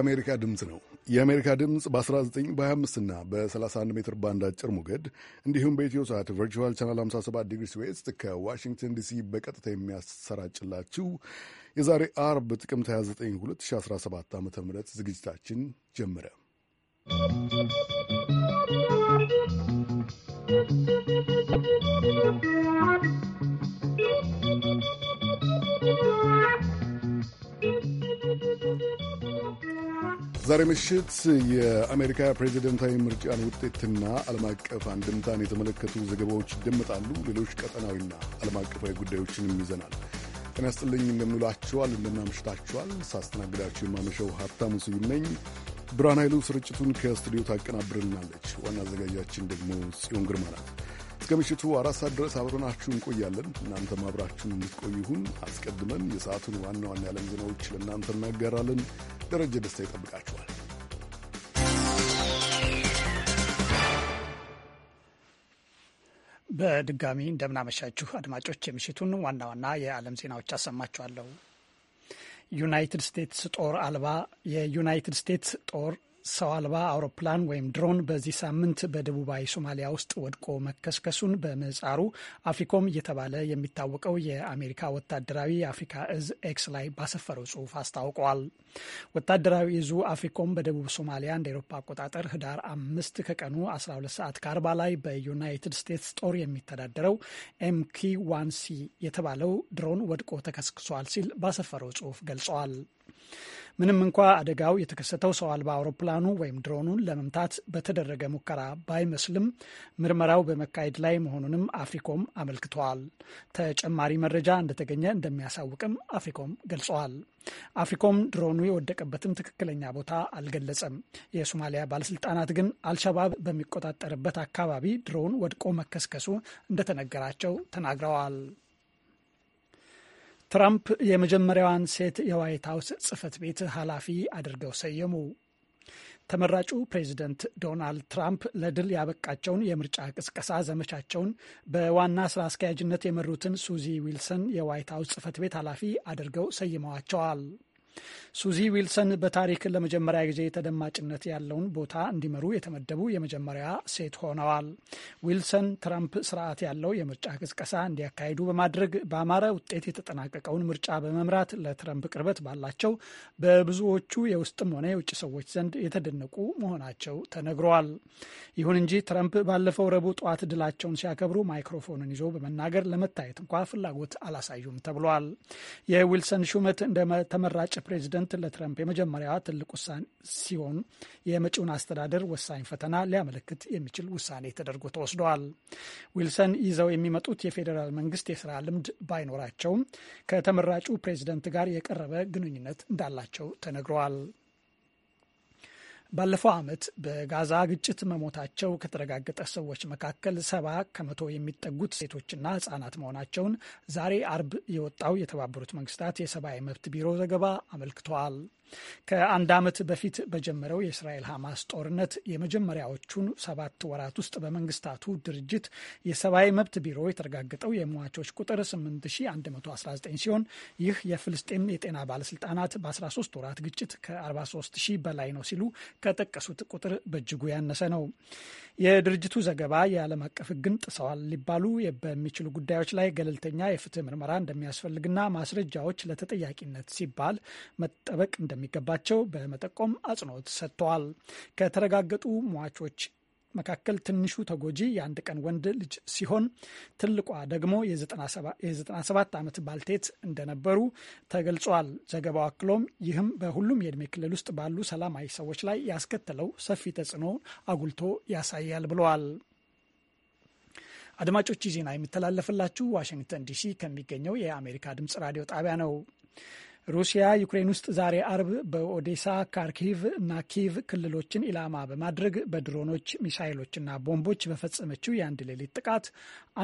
የአሜሪካ ድምፅ ነው። የአሜሪካ ድምፅ በ19 በ25 እና በ31 ሜትር ባንድ አጭር ሞገድ እንዲሁም በኢትዮ ሰዓት ቨርቹዋል ቻናል 57 ዲግሪ ስዌስት ከዋሽንግተን ዲሲ በቀጥታ የሚያሰራጭላችሁ የዛሬ አርብ ጥቅምት 29 2017 ዓ ም ዝግጅታችን ጀመረ። ዛሬ ምሽት የአሜሪካ ፕሬዚደንታዊ ምርጫን ውጤትና ዓለም አቀፍ አንድምታን የተመለከቱ ዘገባዎች ይደመጣሉ። ሌሎች ቀጠናዊና ዓለም አቀፋዊ ጉዳዮችንም ይዘናል። ጤና ይስጥልኝ፣ እንደምንውላችኋል፣ እንደምናምሽታችኋል። ሳስተናግዳችሁ የማመሸው ሀብታሙ ስዩም ነኝ። ብርሃን ኃይሉ ስርጭቱን ከስቱዲዮ ታቀናብርልናለች። ዋና አዘጋጃችን ደግሞ ጽዮን ግርማ ናት። እስከ ምሽቱ አራት ሰዓት ድረስ አብረናችሁ እንቆያለን። እናንተም አብራችሁን እንድትቆዩ ይሁን። አስቀድመን የሰዓቱን ዋና ዋና የዓለም ዜናዎች ለእናንተ እናጋራለን። ደረጀ ደስታ ይጠብቃችኋል። በድጋሚ እንደምናመሻችሁ አድማጮች፣ የምሽቱን ዋና ዋና የዓለም ዜናዎች አሰማችኋለሁ። ዩናይትድ ስቴትስ ጦር አልባ የዩናይትድ ስቴትስ ጦር ሰው አልባ አውሮፕላን ወይም ድሮን በዚህ ሳምንት በደቡባዊ ሶማሊያ ውስጥ ወድቆ መከስከሱን በምህጻሩ አፍሪኮም እየተባለ የሚታወቀው የአሜሪካ ወታደራዊ የአፍሪካ እዝ ኤክስ ላይ ባሰፈረው ጽሑፍ አስታውቀዋል። ወታደራዊ እዙ አፍሪኮም በደቡብ ሶማሊያ እንደ ኤሮፓ አቆጣጠር ህዳር አምስት ከቀኑ 12 ሰዓት ከአርባ ላይ በዩናይትድ ስቴትስ ጦር የሚተዳደረው ኤምኪ ዋንሲ የተባለው ድሮን ወድቆ ተከስክሷል ሲል ባሰፈረው ጽሑፍ ገልጸዋል። ምንም እንኳ አደጋው የተከሰተው ሰው አልባ አውሮፕላኑ ወይም ድሮኑን ለመምታት በተደረገ ሙከራ ባይመስልም ምርመራው በመካሄድ ላይ መሆኑንም አፍሪኮም አመልክተዋል። ተጨማሪ መረጃ እንደተገኘ እንደሚያሳውቅም አፍሪኮም ገልጸዋል። አፍሪኮም ድሮኑ የወደቀበትን ትክክለኛ ቦታ አልገለጸም። የሶማሊያ ባለስልጣናት ግን አልሸባብ በሚቆጣጠርበት አካባቢ ድሮን ወድቆ መከስከሱ እንደተነገራቸው ተናግረዋል። ትራምፕ የመጀመሪያዋን ሴት የዋይት ሀውስ ጽህፈት ቤት ኃላፊ አድርገው ሰየሙ። ተመራጩ ፕሬዚደንት ዶናልድ ትራምፕ ለድል ያበቃቸውን የምርጫ ቅስቀሳ ዘመቻቸውን በዋና ስራ አስኪያጅነት የመሩትን ሱዚ ዊልሰን የዋይት ሀውስ ጽህፈት ቤት ኃላፊ አድርገው ሰይመዋቸዋል። ሱዚ ዊልሰን በታሪክ ለመጀመሪያ ጊዜ ተደማጭነት ያለውን ቦታ እንዲመሩ የተመደቡ የመጀመሪያ ሴት ሆነዋል። ዊልሰን ትራምፕ ስርዓት ያለው የምርጫ ቅስቀሳ እንዲያካሂዱ በማድረግ በአማረ ውጤት የተጠናቀቀውን ምርጫ በመምራት ለትራምፕ ቅርበት ባላቸው በብዙዎቹ የውስጥም ሆነ የውጭ ሰዎች ዘንድ የተደነቁ መሆናቸው ተነግረዋል። ይሁን እንጂ ትራምፕ ባለፈው ረቡዕ ጠዋት ድላቸውን ሲያከብሩ ማይክሮፎንን ይዞ በመናገር ለመታየት እንኳ ፍላጎት አላሳዩም ተብሏል። የዊልሰን ሹመት እንደ ተመራጭ ፕሬዚደንት ለትረምፕ የመጀመሪያ ትልቅ ውሳኔ ሲሆን የመጪውን አስተዳደር ወሳኝ ፈተና ሊያመለክት የሚችል ውሳኔ ተደርጎ ተወስደዋል። ዊልሰን ይዘው የሚመጡት የፌዴራል መንግስት የስራ ልምድ ባይኖራቸውም ከተመራጩ ፕሬዚደንት ጋር የቀረበ ግንኙነት እንዳላቸው ተነግረዋል። ባለፈው ዓመት በጋዛ ግጭት መሞታቸው ከተረጋገጠ ሰዎች መካከል ሰባ ከመቶ የሚጠጉት ሴቶችና ህጻናት መሆናቸውን ዛሬ አርብ የወጣው የተባበሩት መንግስታት የሰብአዊ መብት ቢሮ ዘገባ አመልክተዋል። ከአንድ ዓመት በፊት በጀመረው የእስራኤል ሐማስ ጦርነት የመጀመሪያዎቹን ሰባት ወራት ውስጥ በመንግስታቱ ድርጅት የሰብአዊ መብት ቢሮ የተረጋገጠው የሟቾች ቁጥር 8119 ሲሆን ይህ የፍልስጤም የጤና ባለስልጣናት በ13 ወራት ግጭት ከ43 ሺህ በላይ ነው ሲሉ ከጠቀሱት ቁጥር በእጅጉ ያነሰ ነው። የድርጅቱ ዘገባ የዓለም አቀፍ ሕግን ጥሰዋል ሊባሉ በሚችሉ ጉዳዮች ላይ ገለልተኛ የፍትህ ምርመራ እንደሚያስፈልግና ማስረጃዎች ለተጠያቂነት ሲባል መጠበቅ እንደ እንደሚገባቸው በመጠቆም አጽንኦት ሰጥተዋል። ከተረጋገጡ ሟቾች መካከል ትንሹ ተጎጂ የአንድ ቀን ወንድ ልጅ ሲሆን ትልቋ ደግሞ የ97 ዓመት ባልቴት እንደነበሩ ተገልጿል። ዘገባው አክሎም ይህም በሁሉም የዕድሜ ክልል ውስጥ ባሉ ሰላማዊ ሰዎች ላይ ያስከተለው ሰፊ ተጽዕኖ አጉልቶ ያሳያል ብለዋል። አድማጮች ዜና የሚተላለፍላችሁ ዋሽንግተን ዲሲ ከሚገኘው የአሜሪካ ድምጽ ራዲዮ ጣቢያ ነው። ሩሲያ ዩክሬን ውስጥ ዛሬ አርብ በኦዴሳ፣ ካርኪቭ እና ኪቭ ክልሎችን ኢላማ በማድረግ በድሮኖች ሚሳይሎችና ቦምቦች በፈጸመችው የአንድ ሌሊት ጥቃት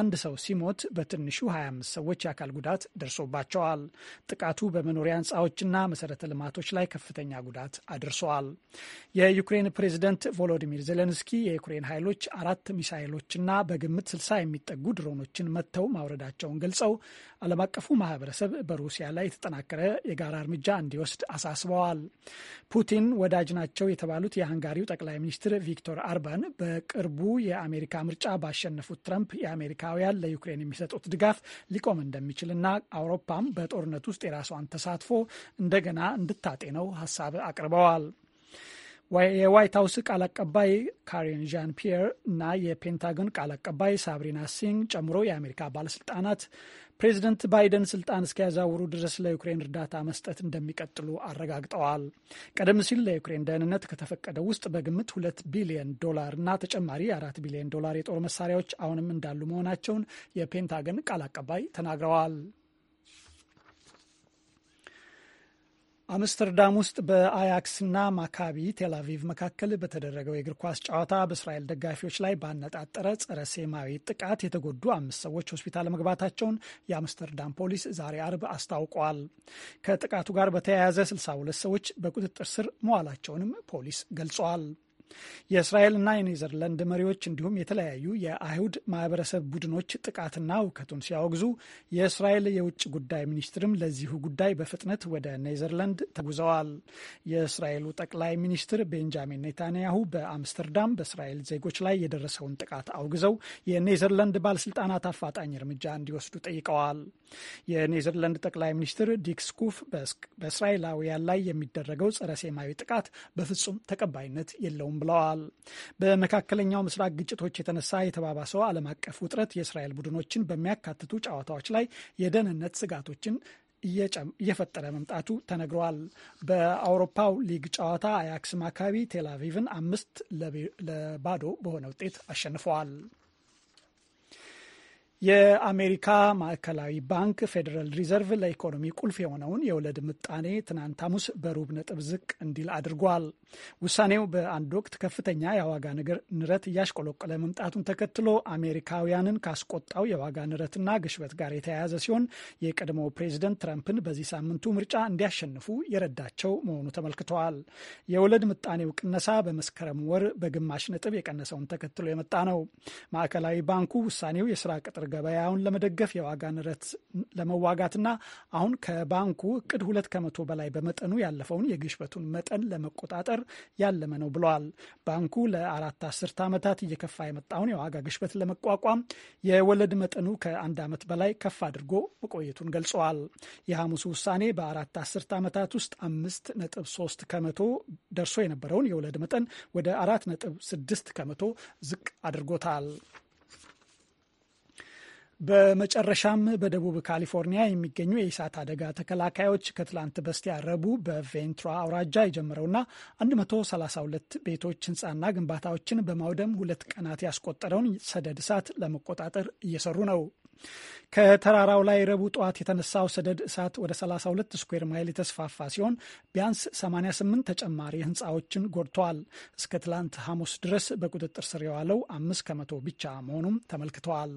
አንድ ሰው ሲሞት በትንሹ 25 ሰዎች የአካል ጉዳት ደርሶባቸዋል። ጥቃቱ በመኖሪያ ህንፃዎችና መሰረተ ልማቶች ላይ ከፍተኛ ጉዳት አድርሰዋል። የዩክሬን ፕሬዝደንት ቮሎዲሚር ዜሌንስኪ የዩክሬን ኃይሎች አራት ሚሳይሎችና በግምት 60 የሚጠጉ ድሮኖችን መጥተው ማውረዳቸውን ገልጸው ዓለም አቀፉ ማህበረሰብ በሩሲያ ላይ የተጠናከረ የጋራ እርምጃ እንዲወስድ አሳስበዋል። ፑቲን ወዳጅ ናቸው የተባሉት የሃንጋሪው ጠቅላይ ሚኒስትር ቪክቶር ኦርባን በቅርቡ የአሜሪካ ምርጫ ባሸነፉት ትራምፕ የአሜሪካውያን ለዩክሬን የሚሰጡት ድጋፍ ሊቆም እንደሚችልና አውሮፓም በጦርነት ውስጥ የራሷን ተሳትፎ እንደገና እንድታጤነው ሀሳብ አቅርበዋል። የዋይት ሀውስ ቃል አቀባይ ካሪን ዣን ፒየር እና የፔንታጎን ቃል አቀባይ ሳብሪና ሲንግ ጨምሮ የአሜሪካ ባለስልጣናት ፕሬዚደንት ባይደን ስልጣን እስኪያዛውሩ ድረስ ለዩክሬን እርዳታ መስጠት እንደሚቀጥሉ አረጋግጠዋል። ቀደም ሲል ለዩክሬን ደህንነት ከተፈቀደ ውስጥ በግምት ሁለት ቢሊዮን ዶላር እና ተጨማሪ አራት ቢሊዮን ዶላር የጦር መሳሪያዎች አሁንም እንዳሉ መሆናቸውን የፔንታገን ቃል አቀባይ ተናግረዋል። አምስተርዳም ውስጥ በአያክስና ማካቢ ቴልአቪቭ መካከል በተደረገው የእግር ኳስ ጨዋታ በእስራኤል ደጋፊዎች ላይ ባነጣጠረ ጸረ ሴማዊ ጥቃት የተጎዱ አምስት ሰዎች ሆስፒታል መግባታቸውን የአምስተርዳም ፖሊስ ዛሬ አርብ አስታውቋል። ከጥቃቱ ጋር በተያያዘ 62 ሰዎች በቁጥጥር ስር መዋላቸውንም ፖሊስ ገልጿል። የእስራኤልና የኔዘርላንድ መሪዎች እንዲሁም የተለያዩ የአይሁድ ማህበረሰብ ቡድኖች ጥቃትና እውከቱን ሲያወግዙ የእስራኤል የውጭ ጉዳይ ሚኒስትርም ለዚሁ ጉዳይ በፍጥነት ወደ ኔዘርላንድ ተጉዘዋል። የእስራኤሉ ጠቅላይ ሚኒስትር ቤንጃሚን ኔታንያሁ በአምስተርዳም በእስራኤል ዜጎች ላይ የደረሰውን ጥቃት አውግዘው የኔዘርላንድ ባለስልጣናት አፋጣኝ እርምጃ እንዲወስዱ ጠይቀዋል። የኔዘርላንድ ጠቅላይ ሚኒስትር ዲክስኩፍ ስኩፍ በእስራኤላውያን ላይ የሚደረገው ጸረ ሴማዊ ጥቃት በፍጹም ተቀባይነት የለውም አልተቻለውም ብለዋል። በመካከለኛው ምስራቅ ግጭቶች የተነሳ የተባባሰው ዓለም አቀፍ ውጥረት የእስራኤል ቡድኖችን በሚያካትቱ ጨዋታዎች ላይ የደህንነት ስጋቶችን እየፈጠረ መምጣቱ ተነግረዋል። በአውሮፓው ሊግ ጨዋታ አያክስ ማካቢ ቴላቪቭን አምስት ለባዶ በሆነ ውጤት አሸንፈዋል። የአሜሪካ ማዕከላዊ ባንክ ፌዴራል ሪዘርቭ ለኢኮኖሚ ቁልፍ የሆነውን የወለድ ምጣኔ ትናንት ሐሙስ በሩብ ነጥብ ዝቅ እንዲል አድርጓል። ውሳኔው በአንድ ወቅት ከፍተኛ የዋጋ ንረት እያሽቆለቆለ መምጣቱን ተከትሎ አሜሪካውያንን ካስቆጣው የዋጋ ንረትና ግሽበት ጋር የተያያዘ ሲሆን የቀድሞው ፕሬዚደንት ትራምፕን በዚህ ሳምንቱ ምርጫ እንዲያሸንፉ የረዳቸው መሆኑ ተመልክተዋል። የወለድ ምጣኔው ቅነሳ በመስከረም ወር በግማሽ ነጥብ የቀነሰውን ተከትሎ የመጣ ነው። ማዕከላዊ ባንኩ ውሳኔው የስራ ቅጥር የዶላር ገበያውን ለመደገፍ የዋጋ ንረት ለመዋጋትና አሁን ከባንኩ እቅድ ሁለት ከመቶ በላይ በመጠኑ ያለፈውን የግሽበቱን መጠን ለመቆጣጠር ያለመ ነው ብለዋል። ባንኩ ለአራት አስርት ዓመታት እየከፋ የመጣውን የዋጋ ግሽበት ለመቋቋም የወለድ መጠኑ ከአንድ ዓመት በላይ ከፍ አድርጎ መቆየቱን ገልጸዋል። የሐሙሱ ውሳኔ በአራት አስርት ዓመታት ውስጥ አምስት ነጥብ ሶስት ከመቶ ደርሶ የነበረውን የወለድ መጠን ወደ አራት ነጥብ ስድስት ከመቶ ዝቅ አድርጎታል። በመጨረሻም በደቡብ ካሊፎርኒያ የሚገኙ የእሳት አደጋ ተከላካዮች ከትላንት በስቲያ ረቡዕ በቬንትራ አውራጃ የጀመረውና 132 ቤቶች ህንፃና ግንባታዎችን በማውደም ሁለት ቀናት ያስቆጠረውን ሰደድ እሳት ለመቆጣጠር እየሰሩ ነው። ከተራራው ላይ ረቡዕ ጠዋት የተነሳው ሰደድ እሳት ወደ 32 ስኩዌር ማይል የተስፋፋ ሲሆን ቢያንስ 88 ተጨማሪ ህንፃዎችን ጎድተዋል። እስከ ትላንት ሐሙስ ድረስ በቁጥጥር ስር የዋለው አምስት ከመቶ ብቻ መሆኑም ተመልክተዋል።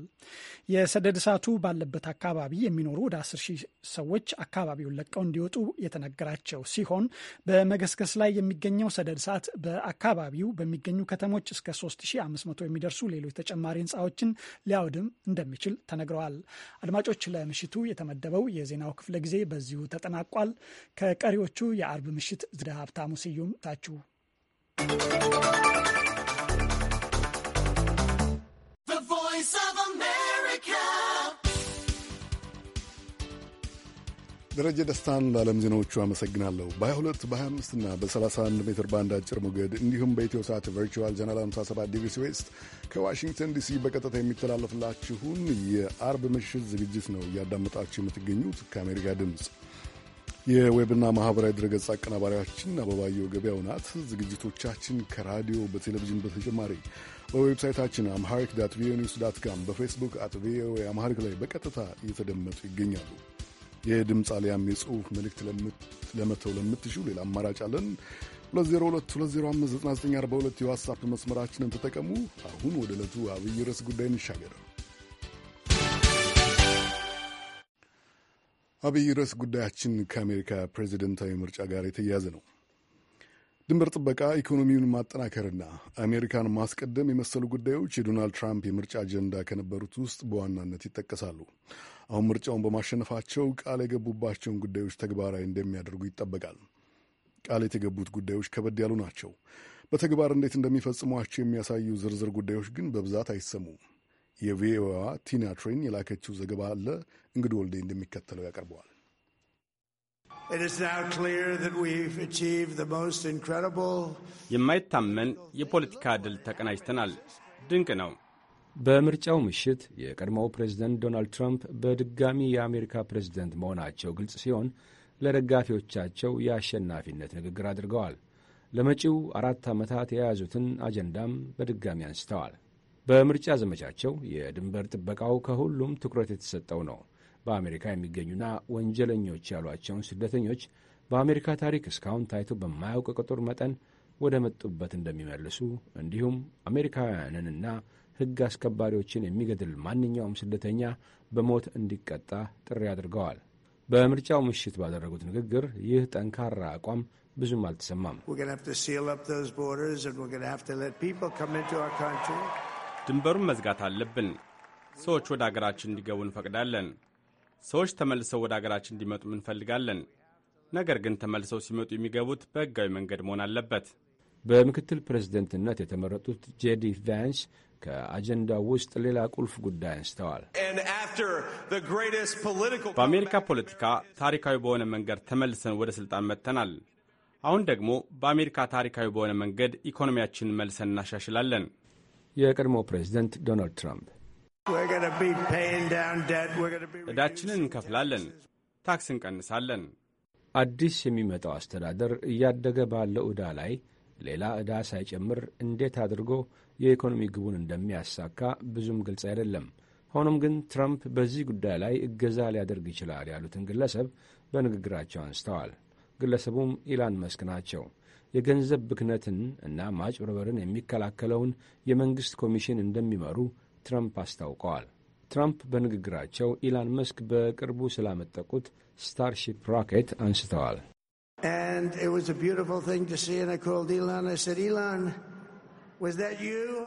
የሰደድ እሳቱ ባለበት አካባቢ የሚኖሩ ወደ 10 ሺህ ሰዎች አካባቢውን ለቀው እንዲወጡ የተነገራቸው ሲሆን በመገስገስ ላይ የሚገኘው ሰደድ እሳት በአካባቢው በሚገኙ ከተሞች እስከ 3500 የሚደርሱ ሌሎች ተጨማሪ ህንፃዎችን ሊያወድም እንደሚችል ተነግሯል። ተናግረዋል። አድማጮች፣ ለምሽቱ የተመደበው የዜናው ክፍለ ጊዜ በዚሁ ተጠናቋል። ከቀሪዎቹ የአርብ ምሽት ዝደ ሀብታሙ ስዩም ታችሁ ደረጀ ደስታን ለዓለም ዜናዎቹ አመሰግናለሁ። በ22 በ25 እና በ31 ሜትር ባንድ አጭር ሞገድ እንዲሁም በኢትዮ ሰዓት ቨርቹዋል ቻናል 57 ዲቪሲ ዌስት ከዋሽንግተን ዲሲ በቀጥታ የሚተላለፍላችሁን የአርብ ምሽት ዝግጅት ነው እያዳመጣችሁ የምትገኙት ከአሜሪካ ድምፅ። የዌብና ማህበራዊ ድረገጽ አቀናባሪያችን አበባየው ገበያው ናት። ዝግጅቶቻችን ከራዲዮ በቴሌቪዥን በተጨማሪ በዌብሳይታችን አምሃሪክ ዳት ቪኦኤ ኒውስ ዳት ካም በፌስቡክ አት ቪኦኤ አምሃሪክ ላይ በቀጥታ እየተደመጡ ይገኛሉ። የድምፅ አሊያም የጽሁፍ መልእክት ለመተው ለምትሹ ሌላ አማራጭ አለን። 2022059942 የዋትሳፕ መስመራችንን ተጠቀሙ። አሁን ወደ ዕለቱ አብይ ርዕስ ጉዳይ እንሻገር። አብይ ርዕስ ጉዳያችን ከአሜሪካ ፕሬዚደንታዊ ምርጫ ጋር የተያያዘ ነው። ድንበር ጥበቃ፣ ኢኮኖሚውን ማጠናከርና አሜሪካን ማስቀደም የመሰሉ ጉዳዮች የዶናልድ ትራምፕ የምርጫ አጀንዳ ከነበሩት ውስጥ በዋናነት ይጠቀሳሉ። አሁን ምርጫውን በማሸነፋቸው ቃል የገቡባቸውን ጉዳዮች ተግባራዊ እንደሚያደርጉ ይጠበቃል። ቃል የተገቡት ጉዳዮች ከበድ ያሉ ናቸው። በተግባር እንዴት እንደሚፈጽሟቸው የሚያሳዩ ዝርዝር ጉዳዮች ግን በብዛት አይሰሙም። የቪኦኤዋ ቲና ትሬን የላከችው ዘገባ አለ። እንግዲህ ወልዴ እንደሚከተለው ያቀርበዋል። የማይታመን የፖለቲካ ድል ተቀናጅተናል። ድንቅ ነው። በምርጫው ምሽት የቀድሞው ፕሬዝደንት ዶናልድ ትራምፕ በድጋሚ የአሜሪካ ፕሬዝደንት መሆናቸው ግልጽ ሲሆን ለደጋፊዎቻቸው የአሸናፊነት ንግግር አድርገዋል። ለመጪው አራት ዓመታት የያዙትን አጀንዳም በድጋሚ አንስተዋል። በምርጫ ዘመቻቸው የድንበር ጥበቃው ከሁሉም ትኩረት የተሰጠው ነው። በአሜሪካ የሚገኙና ወንጀለኞች ያሏቸውን ስደተኞች በአሜሪካ ታሪክ እስካሁን ታይቶ በማያውቅ ቁጥር መጠን ወደ መጡበት እንደሚመልሱ እንዲሁም አሜሪካውያንንና ሕግ አስከባሪዎችን የሚገድል ማንኛውም ስደተኛ በሞት እንዲቀጣ ጥሪ አድርገዋል። በምርጫው ምሽት ባደረጉት ንግግር ይህ ጠንካራ አቋም ብዙም አልተሰማም። ድንበሩን መዝጋት አለብን። ሰዎች ወደ አገራችን እንዲገቡ እንፈቅዳለን። ሰዎች ተመልሰው ወደ አገራችን እንዲመጡም እንፈልጋለን። ነገር ግን ተመልሰው ሲመጡ የሚገቡት በሕጋዊ መንገድ መሆን አለበት። በምክትል ፕሬዝደንትነት የተመረጡት ጄዲ ቫንስ ከአጀንዳው ውስጥ ሌላ ቁልፍ ጉዳይ አንስተዋል። በአሜሪካ ፖለቲካ ታሪካዊ በሆነ መንገድ ተመልሰን ወደ ሥልጣን መጥተናል። አሁን ደግሞ በአሜሪካ ታሪካዊ በሆነ መንገድ ኢኮኖሚያችንን መልሰን እናሻሽላለን። የቀድሞ ፕሬዝደንት ዶናልድ ትራምፕ ዕዳችንን እንከፍላለን፣ ታክስ እንቀንሳለን። አዲስ የሚመጣው አስተዳደር እያደገ ባለው ዕዳ ላይ ሌላ ዕዳ ሳይጨምር እንዴት አድርጎ የኢኮኖሚ ግቡን እንደሚያሳካ ብዙም ግልጽ አይደለም። ሆኖም ግን ትራምፕ በዚህ ጉዳይ ላይ እገዛ ሊያደርግ ይችላል ያሉትን ግለሰብ በንግግራቸው አንስተዋል። ግለሰቡም ኢላን መስክ ናቸው። የገንዘብ ብክነትን እና ማጭበርበርን የሚከላከለውን የመንግሥት ኮሚሽን እንደሚመሩ ትራምፕ አስታውቀዋል። ትራምፕ በንግግራቸው ኢላን መስክ በቅርቡ ስላመጠቁት ስታርሺፕ ራኬት አንስተዋል። And it was a beautiful thing to see. And I called Elon. I said, Elon, was that you?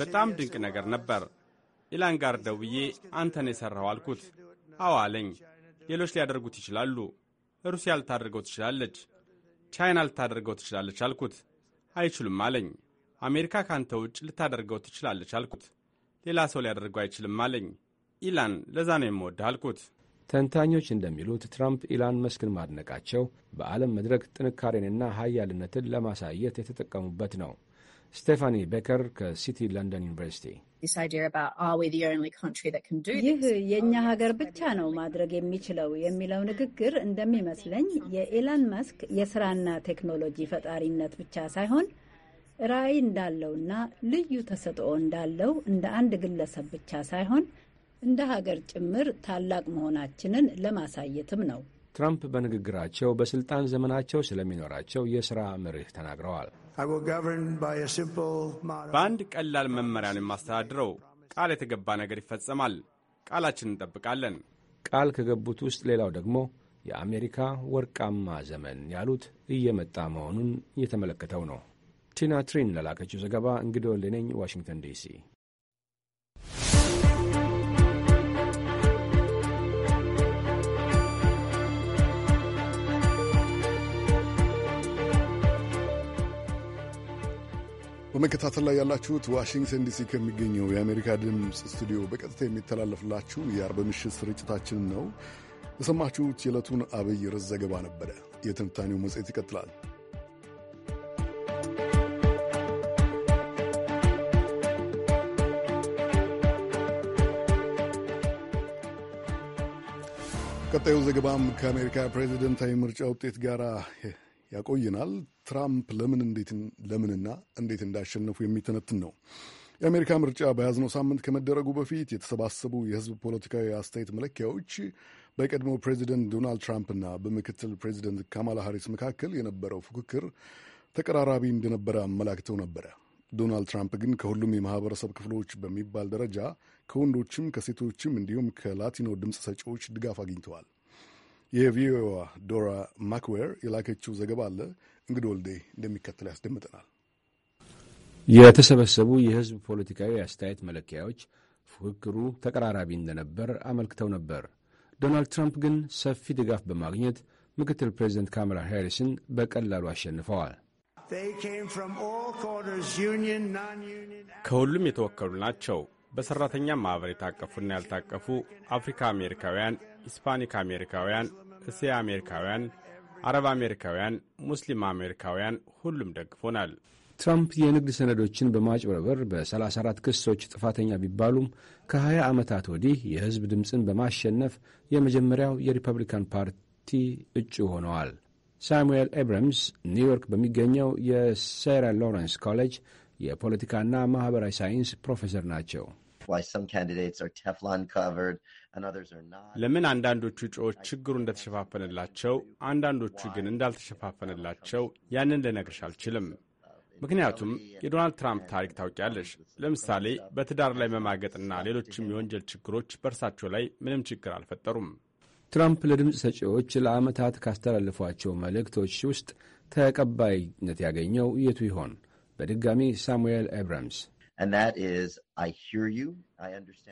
በጣም ድንቅ ነገር ነበር። ኢላን ጋር ደውዬ አንተን የሠራው አልኩት። አዎ አለኝ። ሌሎች ሊያደርጉት ይችላሉ። ሩሲያ ልታደርገው ትችላለች፣ ቻይና ልታደርገው ትችላለች አልኩት። አይችሉም አለኝ። አሜሪካ ካንተ ውጭ ልታደርገው ትችላለች አልኩት። ሌላ ሰው ሊያደርገው አይችልም አለኝ። ኢላን ለዛ ነው የምወድህ አልኩት። ተንታኞች እንደሚሉት ትራምፕ ኢላን መስክን ማድነቃቸው በዓለም መድረክ ጥንካሬንና ሀያልነትን ለማሳየት የተጠቀሙበት ነው። ስቴፋኒ ቤከር ከሲቲ ለንደን ዩኒቨርሲቲ ይህ የእኛ ሀገር ብቻ ነው ማድረግ የሚችለው የሚለው ንግግር እንደሚመስለኝ የኤላን መስክ የስራና ቴክኖሎጂ ፈጣሪነት ብቻ ሳይሆን ራዕይ እንዳለውና ልዩ ተሰጥኦ እንዳለው እንደ አንድ ግለሰብ ብቻ ሳይሆን እንደ ሀገር ጭምር ታላቅ መሆናችንን ለማሳየትም ነው። ትራምፕ በንግግራቸው በስልጣን ዘመናቸው ስለሚኖራቸው የሥራ መርህ ተናግረዋል። በአንድ ቀላል መመሪያ ነው የማስተዳድረው። ቃል የተገባ ነገር ይፈጸማል። ቃላችን እንጠብቃለን። ቃል ከገቡት ውስጥ ሌላው ደግሞ የአሜሪካ ወርቃማ ዘመን ያሉት እየመጣ መሆኑን እየተመለከተው ነው። ቲና ትሪን ለላከችው ዘገባ እንግዶ ሌነኝ ዋሽንግተን ዲሲ በመከታተል ላይ ያላችሁት ዋሽንግተን ዲሲ ከሚገኘው የአሜሪካ ድምፅ ስቱዲዮ በቀጥታ የሚተላለፍላችሁ የአርብ ምሽት ስርጭታችን ነው። የሰማችሁት የዕለቱን አብይ ርዕስ ዘገባ ነበረ። የትንታኔው መጽሔት ይቀጥላል። ቀጣዩ ዘገባም ከአሜሪካ ፕሬዚደንታዊ ምርጫ ውጤት ጋር ያቆይናል። ትራምፕ ለምን እንዴት ለምንና እንዴት እንዳሸነፉ የሚተነትን ነው። የአሜሪካ ምርጫ በያዝነው ሳምንት ከመደረጉ በፊት የተሰባሰቡ የህዝብ ፖለቲካዊ አስተያየት መለኪያዎች በቀድሞ ፕሬዚደንት ዶናልድ ትራምፕና በምክትል ፕሬዚደንት ካማላ ሃሪስ መካከል የነበረው ፉክክር ተቀራራቢ እንደነበረ አመላክተው ነበረ። ዶናልድ ትራምፕ ግን ከሁሉም የማህበረሰብ ክፍሎች በሚባል ደረጃ ከወንዶችም ከሴቶችም እንዲሁም ከላቲኖ ድምፅ ሰጪዎች ድጋፍ አግኝተዋል። የቪኦኤዋ ዶራ ማክዌር የላከችው ዘገባ አለ። እንግዲህ ወልዴ እንደሚከተል ያስደምጠናል። የተሰበሰቡ የህዝብ ፖለቲካዊ አስተያየት መለኪያዎች ፉክክሩ ተቀራራቢ እንደነበር አመልክተው ነበር። ዶናልድ ትራምፕ ግን ሰፊ ድጋፍ በማግኘት ምክትል ፕሬዚደንት ካማላ ሃሪስን በቀላሉ አሸንፈዋል። ከሁሉም የተወከሉ ናቸው። በሠራተኛ ማኅበር የታቀፉና ያልታቀፉ፣ አፍሪካ አሜሪካውያን፣ ሂስፓኒክ አሜሪካውያን፣ እስያ አሜሪካውያን አረብ አሜሪካውያን፣ ሙስሊም አሜሪካውያን ሁሉም ደግፎናል። ትራምፕ የንግድ ሰነዶችን በማጭበርበር በ34 ክሶች ጥፋተኛ ቢባሉም ከ20 ዓመታት ወዲህ የሕዝብ ድምፅን በማሸነፍ የመጀመሪያው የሪፐብሊካን ፓርቲ እጩ ሆነዋል። ሳሙኤል ኤብረምስ ኒውዮርክ በሚገኘው የሴራ ሎረንስ ኮሌጅ የፖለቲካና ማኅበራዊ ሳይንስ ፕሮፌሰር ናቸው። ለምን አንዳንዶቹ እጩዎች ችግሩ እንደተሸፋፈነላቸው፣ አንዳንዶቹ ግን እንዳልተሸፋፈነላቸው ያንን ልነግርሽ አልችልም። ምክንያቱም የዶናልድ ትራምፕ ታሪክ ታውቂያለሽ። ለምሳሌ በትዳር ላይ መማገጥና ሌሎችም የወንጀል ችግሮች በእርሳቸው ላይ ምንም ችግር አልፈጠሩም። ትራምፕ ለድምፅ ሰጪዎች ለዓመታት ካስተላለፏቸው መልእክቶች ውስጥ ተቀባይነት ያገኘው የቱ ይሆን? በድጋሚ ሳሙኤል ኤብራምስ?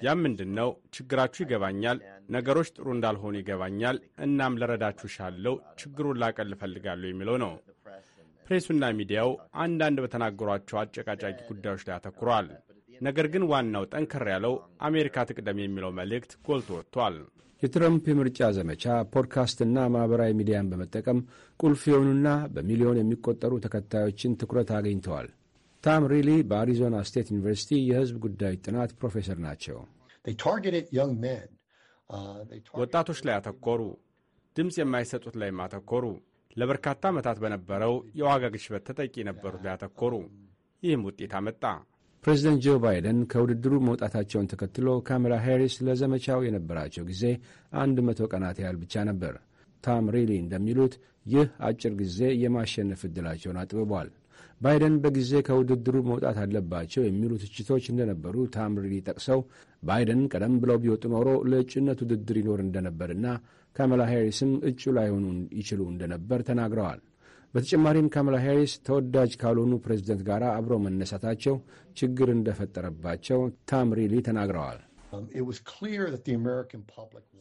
ያም ምንድን ነው? ችግራችሁ ይገባኛል። ነገሮች ጥሩ እንዳልሆኑ ይገባኛል። እናም ልረዳችሁ ሻለው ችግሩን ላቀል እፈልጋለሁ የሚለው ነው። ፕሬሱና ሚዲያው አንዳንድ በተናገሯቸው አጨቃጫቂ ጉዳዮች ላይ አተኩሯል። ነገር ግን ዋናው ጠንከር ያለው አሜሪካ ትቅደም የሚለው መልእክት ጎልቶ ወጥቷል። የትረምፕ የምርጫ ዘመቻ ፖድካስትና ማኅበራዊ ሚዲያን በመጠቀም ቁልፍ የሆኑና በሚሊዮን የሚቆጠሩ ተከታዮችን ትኩረት አግኝተዋል። ታም ሪሊ በአሪዞና ስቴት ዩኒቨርሲቲ የሕዝብ ጉዳዮች ጥናት ፕሮፌሰር ናቸው። uh, ወጣቶች ላይ አተኮሩ፣ ድምፅ የማይሰጡት ላይ ማተኮሩ፣ ለበርካታ ዓመታት በነበረው የዋጋ ግሽበት ተጠቂ የነበሩት ላይ አተኮሩ። ይህም ውጤት አመጣ። ፕሬዚደንት ጆ ባይደን ከውድድሩ መውጣታቸውን ተከትሎ ካሜላ ሄሪስ ለዘመቻው የነበራቸው ጊዜ አንድ መቶ ቀናት ያህል ብቻ ነበር። ታም ሪሊ እንደሚሉት ይህ አጭር ጊዜ የማሸነፍ ዕድላቸውን አጥብቧል። ባይደን በጊዜ ከውድድሩ መውጣት አለባቸው የሚሉ ትችቶች እንደነበሩ ታምሪ ጠቅሰው ባይደን ቀደም ብለው ቢወጡ ኖሮ ለእጩነት ውድድር ይኖር እንደነበርና ካማላ ሄሪስም እጩ ላይሆኑ ይችሉ እንደነበር ተናግረዋል። በተጨማሪም ካማላ ሄሪስ ተወዳጅ ካልሆኑ ፕሬዝደንት ጋር አብረው መነሳታቸው ችግር እንደፈጠረባቸው ታምሪሊ ተናግረዋል። um,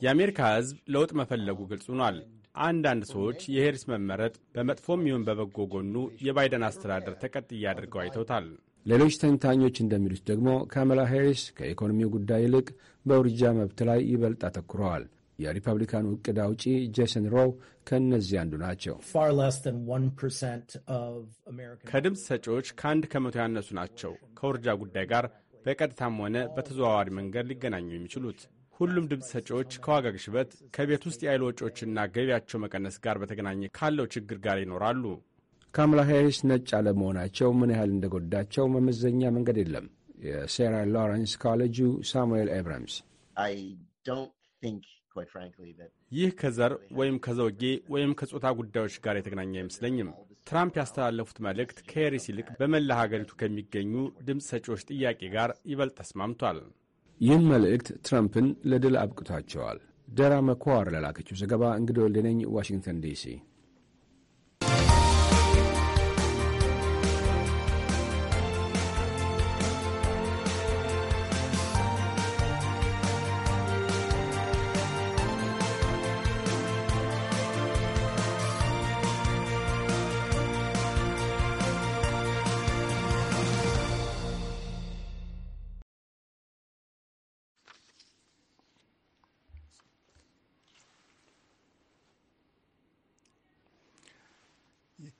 የአሜሪካ ሕዝብ ለውጥ መፈለጉ ግልጽ ሆኗል። አንዳንድ ሰዎች የሄሪስ መመረጥ በመጥፎም ይሁን በበጎ ጎኑ የባይደን አስተዳደር ተቀጥያ አድርገው አይተውታል። ሌሎች ተንታኞች እንደሚሉት ደግሞ ካመላ ሄሪስ ከኢኮኖሚው ጉዳይ ይልቅ በውርጃ መብት ላይ ይበልጥ አተኩረዋል። የሪፐብሊካን እቅድ አውጪ ጄሰን ሮው ከእነዚህ አንዱ ናቸው። ከድምፅ ሰጪዎች ከአንድ ከመቶ ያነሱ ናቸው ከውርጃ ጉዳይ ጋር በቀጥታም ሆነ በተዘዋዋሪ መንገድ ሊገናኙ የሚችሉት ሁሉም ድምፅ ሰጪዎች ከዋጋ ግሽበት፣ ከቤት ውስጥ የኃይል ወጪዎችና ገቢያቸው መቀነስ ጋር በተገናኘ ካለው ችግር ጋር ይኖራሉ። ካምላ ሄሪስ ነጭ አለመሆናቸው ምን ያህል እንደጎዳቸው መመዘኛ መንገድ የለም። የሴራ ሎረንስ ኮሌጁ ሳሙኤል ኤብራምስ ይህ ከዘር ወይም ከዘውጌ ወይም ከጾታ ጉዳዮች ጋር የተገናኘ አይመስለኝም። ትራምፕ ያስተላለፉት መልእክት ከሄሪስ ይልቅ በመላ ሀገሪቱ ከሚገኙ ድምፅ ሰጪዎች ጥያቄ ጋር ይበልጥ ተስማምቷል። ይህም መልእክት ትራምፕን ለድል አብቅቷቸዋል። ደራ መኳር ለላከችው ዘገባ እንግዲህ ወልደነኝ ዋሽንግተን ዲሲ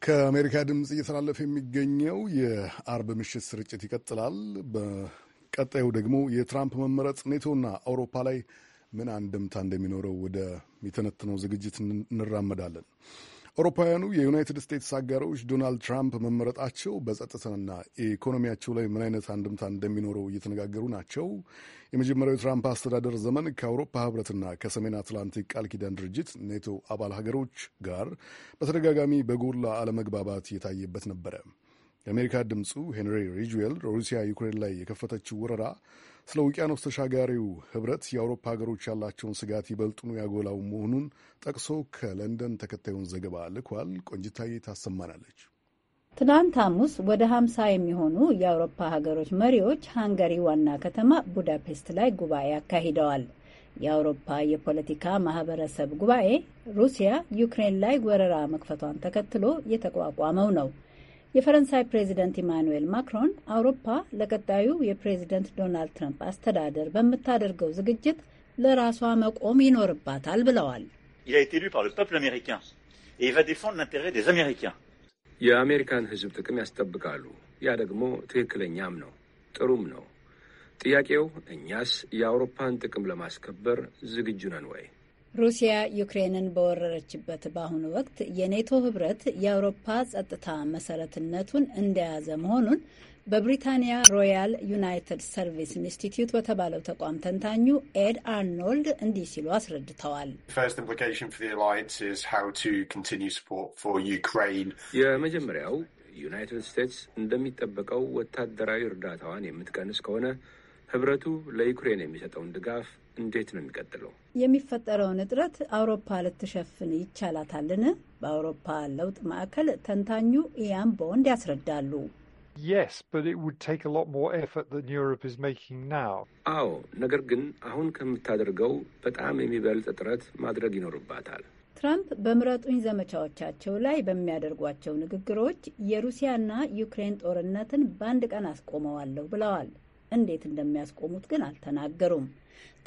ከአሜሪካ ድምፅ እየተላለፈ የሚገኘው የአርብ ምሽት ስርጭት ይቀጥላል። በቀጣዩ ደግሞ የትራምፕ መመረጥ ኔቶና አውሮፓ ላይ ምን አንድምታ እንደሚኖረው ወደሚተነትነው ዝግጅት እንራመዳለን። አውሮፓውያኑ የዩናይትድ ስቴትስ አጋሮች ዶናልድ ትራምፕ መመረጣቸው በጸጥታና ኢኮኖሚያቸው ላይ ምን አይነት አንድምታ እንደሚኖረው እየተነጋገሩ ናቸው። የመጀመሪያው የትራምፕ አስተዳደር ዘመን ከአውሮፓ ሕብረትና ከሰሜን አትላንቲክ ቃል ኪዳን ድርጅት ኔቶ አባል ሀገሮች ጋር በተደጋጋሚ በጎላ አለመግባባት የታየበት ነበረ። የአሜሪካ ድምፁ ሄንሪ ሪጅዌል ሩሲያ ዩክሬን ላይ የከፈተችው ወረራ ስለ ውቅያኖስ ተሻጋሪው ህብረት የአውሮፓ ሀገሮች ያላቸውን ስጋት ይበልጡኑ ያጎላው መሆኑን ጠቅሶ ከለንደን ተከታዩን ዘገባ ልኳል። ቆንጅታዬ ታሰማናለች። ትናንት ሐሙስ ወደ ሀምሳ የሚሆኑ የአውሮፓ ሀገሮች መሪዎች ሃንገሪ ዋና ከተማ ቡዳፔስት ላይ ጉባኤ አካሂደዋል። የአውሮፓ የፖለቲካ ማህበረሰብ ጉባኤ ሩሲያ ዩክሬን ላይ ወረራ መክፈቷን ተከትሎ የተቋቋመው ነው። የፈረንሳይ ፕሬዚደንት ኢማኑኤል ማክሮን አውሮፓ ለቀጣዩ የፕሬዚደንት ዶናልድ ትራምፕ አስተዳደር በምታደርገው ዝግጅት ለራሷ መቆም ይኖርባታል ብለዋል። የአሜሪካን ሕዝብ ጥቅም ያስጠብቃሉ። ያ ደግሞ ትክክለኛም ነው፣ ጥሩም ነው። ጥያቄው እኛስ የአውሮፓን ጥቅም ለማስከበር ዝግጁ ነን ወይ? ሩሲያ ዩክሬንን በወረረችበት በአሁኑ ወቅት የኔቶ ህብረት የአውሮፓ ጸጥታ መሰረትነቱን እንደያዘ መሆኑን በብሪታንያ ሮያል ዩናይትድ ሰርቪስ ኢንስቲትዩት በተባለው ተቋም ተንታኙ ኤድ አርኖልድ እንዲህ ሲሉ አስረድተዋል። የመጀመሪያው ዩናይትድ ስቴትስ እንደሚጠበቀው ወታደራዊ እርዳታዋን የምትቀንስ ከሆነ ህብረቱ ለዩክሬን የሚሰጠውን ድጋፍ እንዴት ነው የሚቀጥለው? የሚፈጠረውን እጥረት አውሮፓ ልትሸፍን ይቻላታልን? በአውሮፓ ለውጥ ማዕከል ተንታኙ ኢያም ቦንድ ያስረዳሉ። አዎ፣ ነገር ግን አሁን ከምታደርገው በጣም የሚበልጥ ጥረት ማድረግ ይኖርባታል። ትራምፕ በምረጡኝ ዘመቻዎቻቸው ላይ በሚያደርጓቸው ንግግሮች የሩሲያና ዩክሬን ጦርነትን በአንድ ቀን አስቆመዋለሁ ብለዋል። እንዴት እንደሚያስቆሙት ግን አልተናገሩም።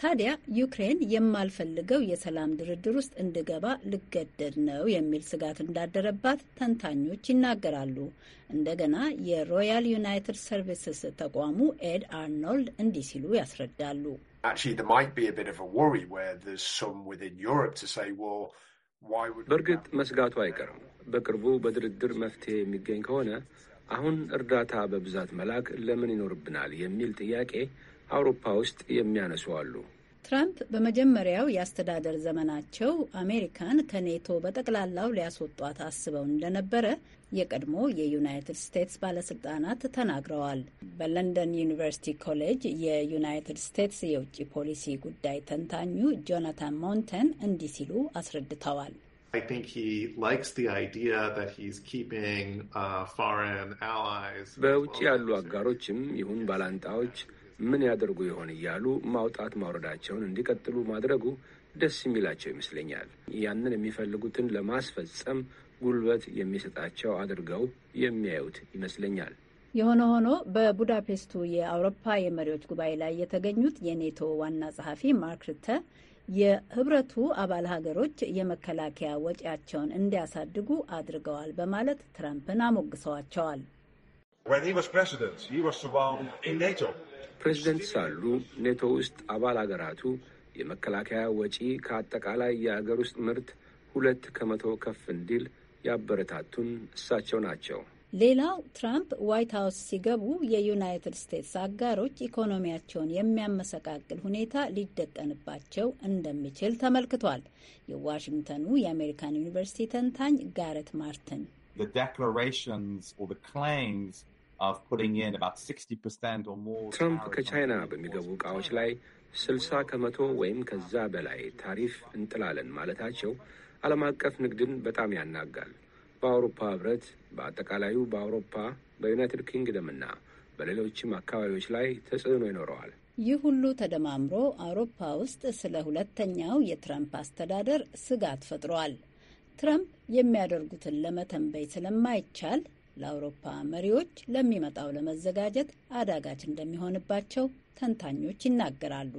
ታዲያ ዩክሬን የማልፈልገው የሰላም ድርድር ውስጥ እንድገባ ልገደድ ነው የሚል ስጋት እንዳደረባት ተንታኞች ይናገራሉ። እንደገና የሮያል ዩናይትድ ሰርቪስስ ተቋሙ ኤድ አርኖልድ እንዲህ ሲሉ ያስረዳሉ። በእርግጥ መስጋቱ አይቀርም። በቅርቡ በድርድር መፍትሄ የሚገኝ ከሆነ አሁን እርዳታ በብዛት መላክ ለምን ይኖርብናል የሚል ጥያቄ አውሮፓ ውስጥ የሚያነሱ አሉ። ትራምፕ በመጀመሪያው የአስተዳደር ዘመናቸው አሜሪካን ከኔቶ በጠቅላላው ሊያስወጧት አስበው እንደነበረ የቀድሞ የዩናይትድ ስቴትስ ባለስልጣናት ተናግረዋል። በለንደን ዩኒቨርሲቲ ኮሌጅ የዩናይትድ ስቴትስ የውጭ ፖሊሲ ጉዳይ ተንታኙ ጆናታን ሞንተን እንዲህ ሲሉ አስረድተዋል። I think he likes the idea that he's keeping uh, foreign allies. በውጭ ያሉ አጋሮችም ይሁን ባላንጣዎች ምን ያደርጉ ይሆን እያሉ ማውጣት ማውረዳቸውን እንዲቀጥሉ ማድረጉ ደስ የሚላቸው ይመስለኛል። ያንን የሚፈልጉትን ለማስፈጸም ጉልበት የሚሰጣቸው አድርገው የሚያዩት ይመስለኛል። የሆነ ሆኖ በቡዳፔስቱ የአውሮፓ የመሪዎች ጉባኤ ላይ የተገኙት የኔቶ ዋና ጸሐፊ ማርክ ሩተ የህብረቱ አባል ሀገሮች የመከላከያ ወጪያቸውን እንዲያሳድጉ አድርገዋል በማለት ትራምፕን አሞግሰዋቸዋል። ፕሬዚደንት ሳሉ ኔቶ ውስጥ አባል ሀገራቱ የመከላከያ ወጪ ከአጠቃላይ የአገር ውስጥ ምርት ሁለት ከመቶ ከፍ እንዲል ያበረታቱን እሳቸው ናቸው። ሌላው ትራምፕ ዋይት ሀውስ ሲገቡ የዩናይትድ ስቴትስ አጋሮች ኢኮኖሚያቸውን የሚያመሰቃቅል ሁኔታ ሊደቀንባቸው እንደሚችል ተመልክቷል። የዋሽንግተኑ የአሜሪካን ዩኒቨርሲቲ ተንታኝ ጋረት ማርትን ትራምፕ ከቻይና በሚገቡ እቃዎች ላይ ስልሳ ከመቶ ወይም ከዛ በላይ ታሪፍ እንጥላለን ማለታቸው ዓለም አቀፍ ንግድን በጣም ያናጋል። በአውሮፓ ህብረት፣ በአጠቃላዩ በአውሮፓ በዩናይትድ ኪንግደም እና በሌሎችም አካባቢዎች ላይ ተጽዕኖ ይኖረዋል። ይህ ሁሉ ተደማምሮ አውሮፓ ውስጥ ስለ ሁለተኛው የትራምፕ አስተዳደር ስጋት ፈጥሯል። ትራምፕ የሚያደርጉትን ለመተንበይ ስለማይቻል ለአውሮፓ መሪዎች ለሚመጣው ለመዘጋጀት አዳጋች እንደሚሆንባቸው ተንታኞች ይናገራሉ።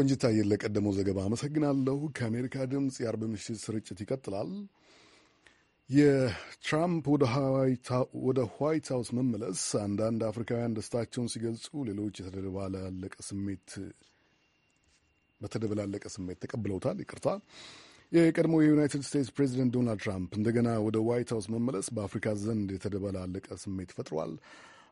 ቆንጅታዬን ለቀደመው ዘገባ አመሰግናለሁ። ከአሜሪካ ድምፅ የአርብ ምሽት ስርጭት ይቀጥላል። የትራምፕ ወደ ዋይት ሀውስ መመለስ አንዳንድ አፍሪካውያን ደስታቸውን ሲገልጹ፣ ሌሎች የተደባላለቀ ስሜት በተደበላለቀ ስሜት ተቀብለውታል። ይቅርታ። የቀድሞ የዩናይትድ ስቴትስ ፕሬዚደንት ዶናልድ ትራምፕ እንደገና ወደ ዋይት ሀውስ መመለስ በአፍሪካ ዘንድ የተደበላለቀ ስሜት ፈጥሯል።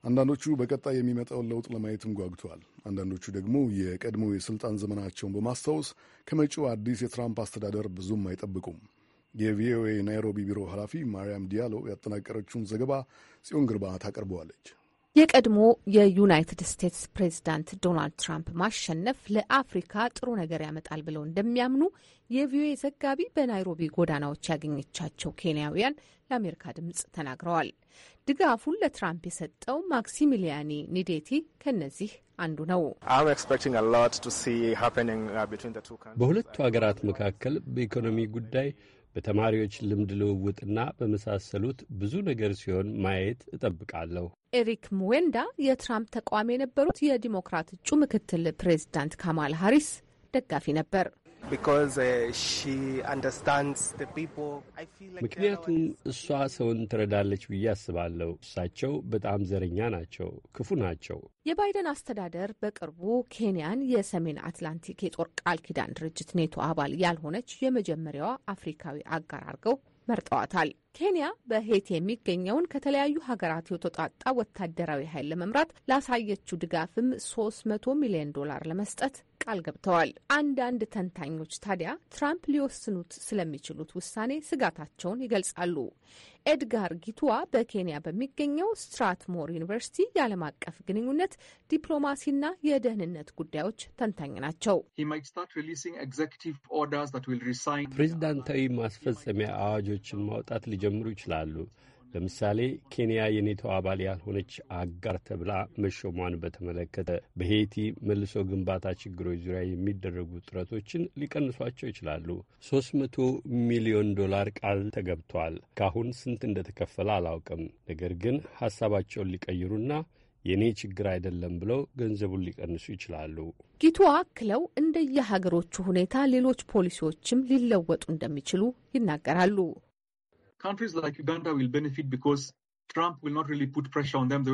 አንዳንዶቹ በቀጣይ የሚመጣውን ለውጥ ለማየትም ጓጉተዋል። አንዳንዶቹ ደግሞ የቀድሞ የስልጣን ዘመናቸውን በማስታወስ ከመጪው አዲስ የትራምፕ አስተዳደር ብዙም አይጠብቁም። የቪኦኤ ናይሮቢ ቢሮ ኃላፊ ማርያም ዲያሎ ያጠናቀረችውን ዘገባ ጽዮን ግርባ ታቀርበዋለች። የቀድሞ የዩናይትድ ስቴትስ ፕሬዚዳንት ዶናልድ ትራምፕ ማሸነፍ ለአፍሪካ ጥሩ ነገር ያመጣል ብለው እንደሚያምኑ የቪኦኤ ዘጋቢ በናይሮቢ ጎዳናዎች ያገኘቻቸው ኬንያውያን ለአሜሪካ ድምጽ ተናግረዋል። ድጋፉን ለትራምፕ የሰጠው ማክሲሚሊያኒ ኒዴቲ ከነዚህ አንዱ ነው። uh, በሁለቱ ሀገራት መካከል በኢኮኖሚ ጉዳይ በተማሪዎች ልምድ ልውውጥና በመሳሰሉት ብዙ ነገር ሲሆን ማየት እጠብቃለሁ። ኤሪክ ሙዌንዳ የትራምፕ ተቃዋሚ የነበሩት የዲሞክራት እጩ ምክትል ፕሬዚዳንት ካማል ሀሪስ ደጋፊ ነበር። Uh, ምክንያቱም እሷ ሰውን ትረዳለች ብዬ አስባለሁ። እሳቸው በጣም ዘረኛ ናቸው፣ ክፉ ናቸው። የባይደን አስተዳደር በቅርቡ ኬንያን የሰሜን አትላንቲክ የጦር ቃል ኪዳን ድርጅት ኔቶ አባል ያልሆነች የመጀመሪያዋ አፍሪካዊ አጋር አድርገው መርጠዋታል። ኬንያ በሄት የሚገኘውን ከተለያዩ ሀገራት የተውጣጣ ወታደራዊ ኃይል ለመምራት ላሳየችው ድጋፍም 300 ሚሊዮን ዶላር ለመስጠት ቃል ገብተዋል። አንዳንድ ተንታኞች ታዲያ ትራምፕ ሊወስኑት ስለሚችሉት ውሳኔ ስጋታቸውን ይገልጻሉ። ኤድጋር ጊቱዋ በኬንያ በሚገኘው ስትራትሞር ዩኒቨርሲቲ የዓለም አቀፍ ግንኙነት ዲፕሎማሲና የደህንነት ጉዳዮች ተንታኝ ናቸው። ፕሬዚዳንታዊ ማስፈጸሚያ አዋጆችን ማውጣት ሊጀምሩ ይችላሉ። ለምሳሌ ኬንያ የኔቶ አባል ያልሆነች አጋር ተብላ መሾሟን በተመለከተ በሄይቲ መልሶ ግንባታ ችግሮች ዙሪያ የሚደረጉ ጥረቶችን ሊቀንሷቸው ይችላሉ። 300 ሚሊዮን ዶላር ቃል ተገብቷል። ካሁን ስንት እንደተከፈለ አላውቅም። ነገር ግን ሀሳባቸውን ሊቀይሩና የእኔ ችግር አይደለም ብለው ገንዘቡን ሊቀንሱ ይችላሉ። ጊቱ አክለው እንደየሀገሮቹ ሁኔታ ሌሎች ፖሊሲዎችም ሊለወጡ እንደሚችሉ ይናገራሉ። countries like Uganda will benefit because እንደ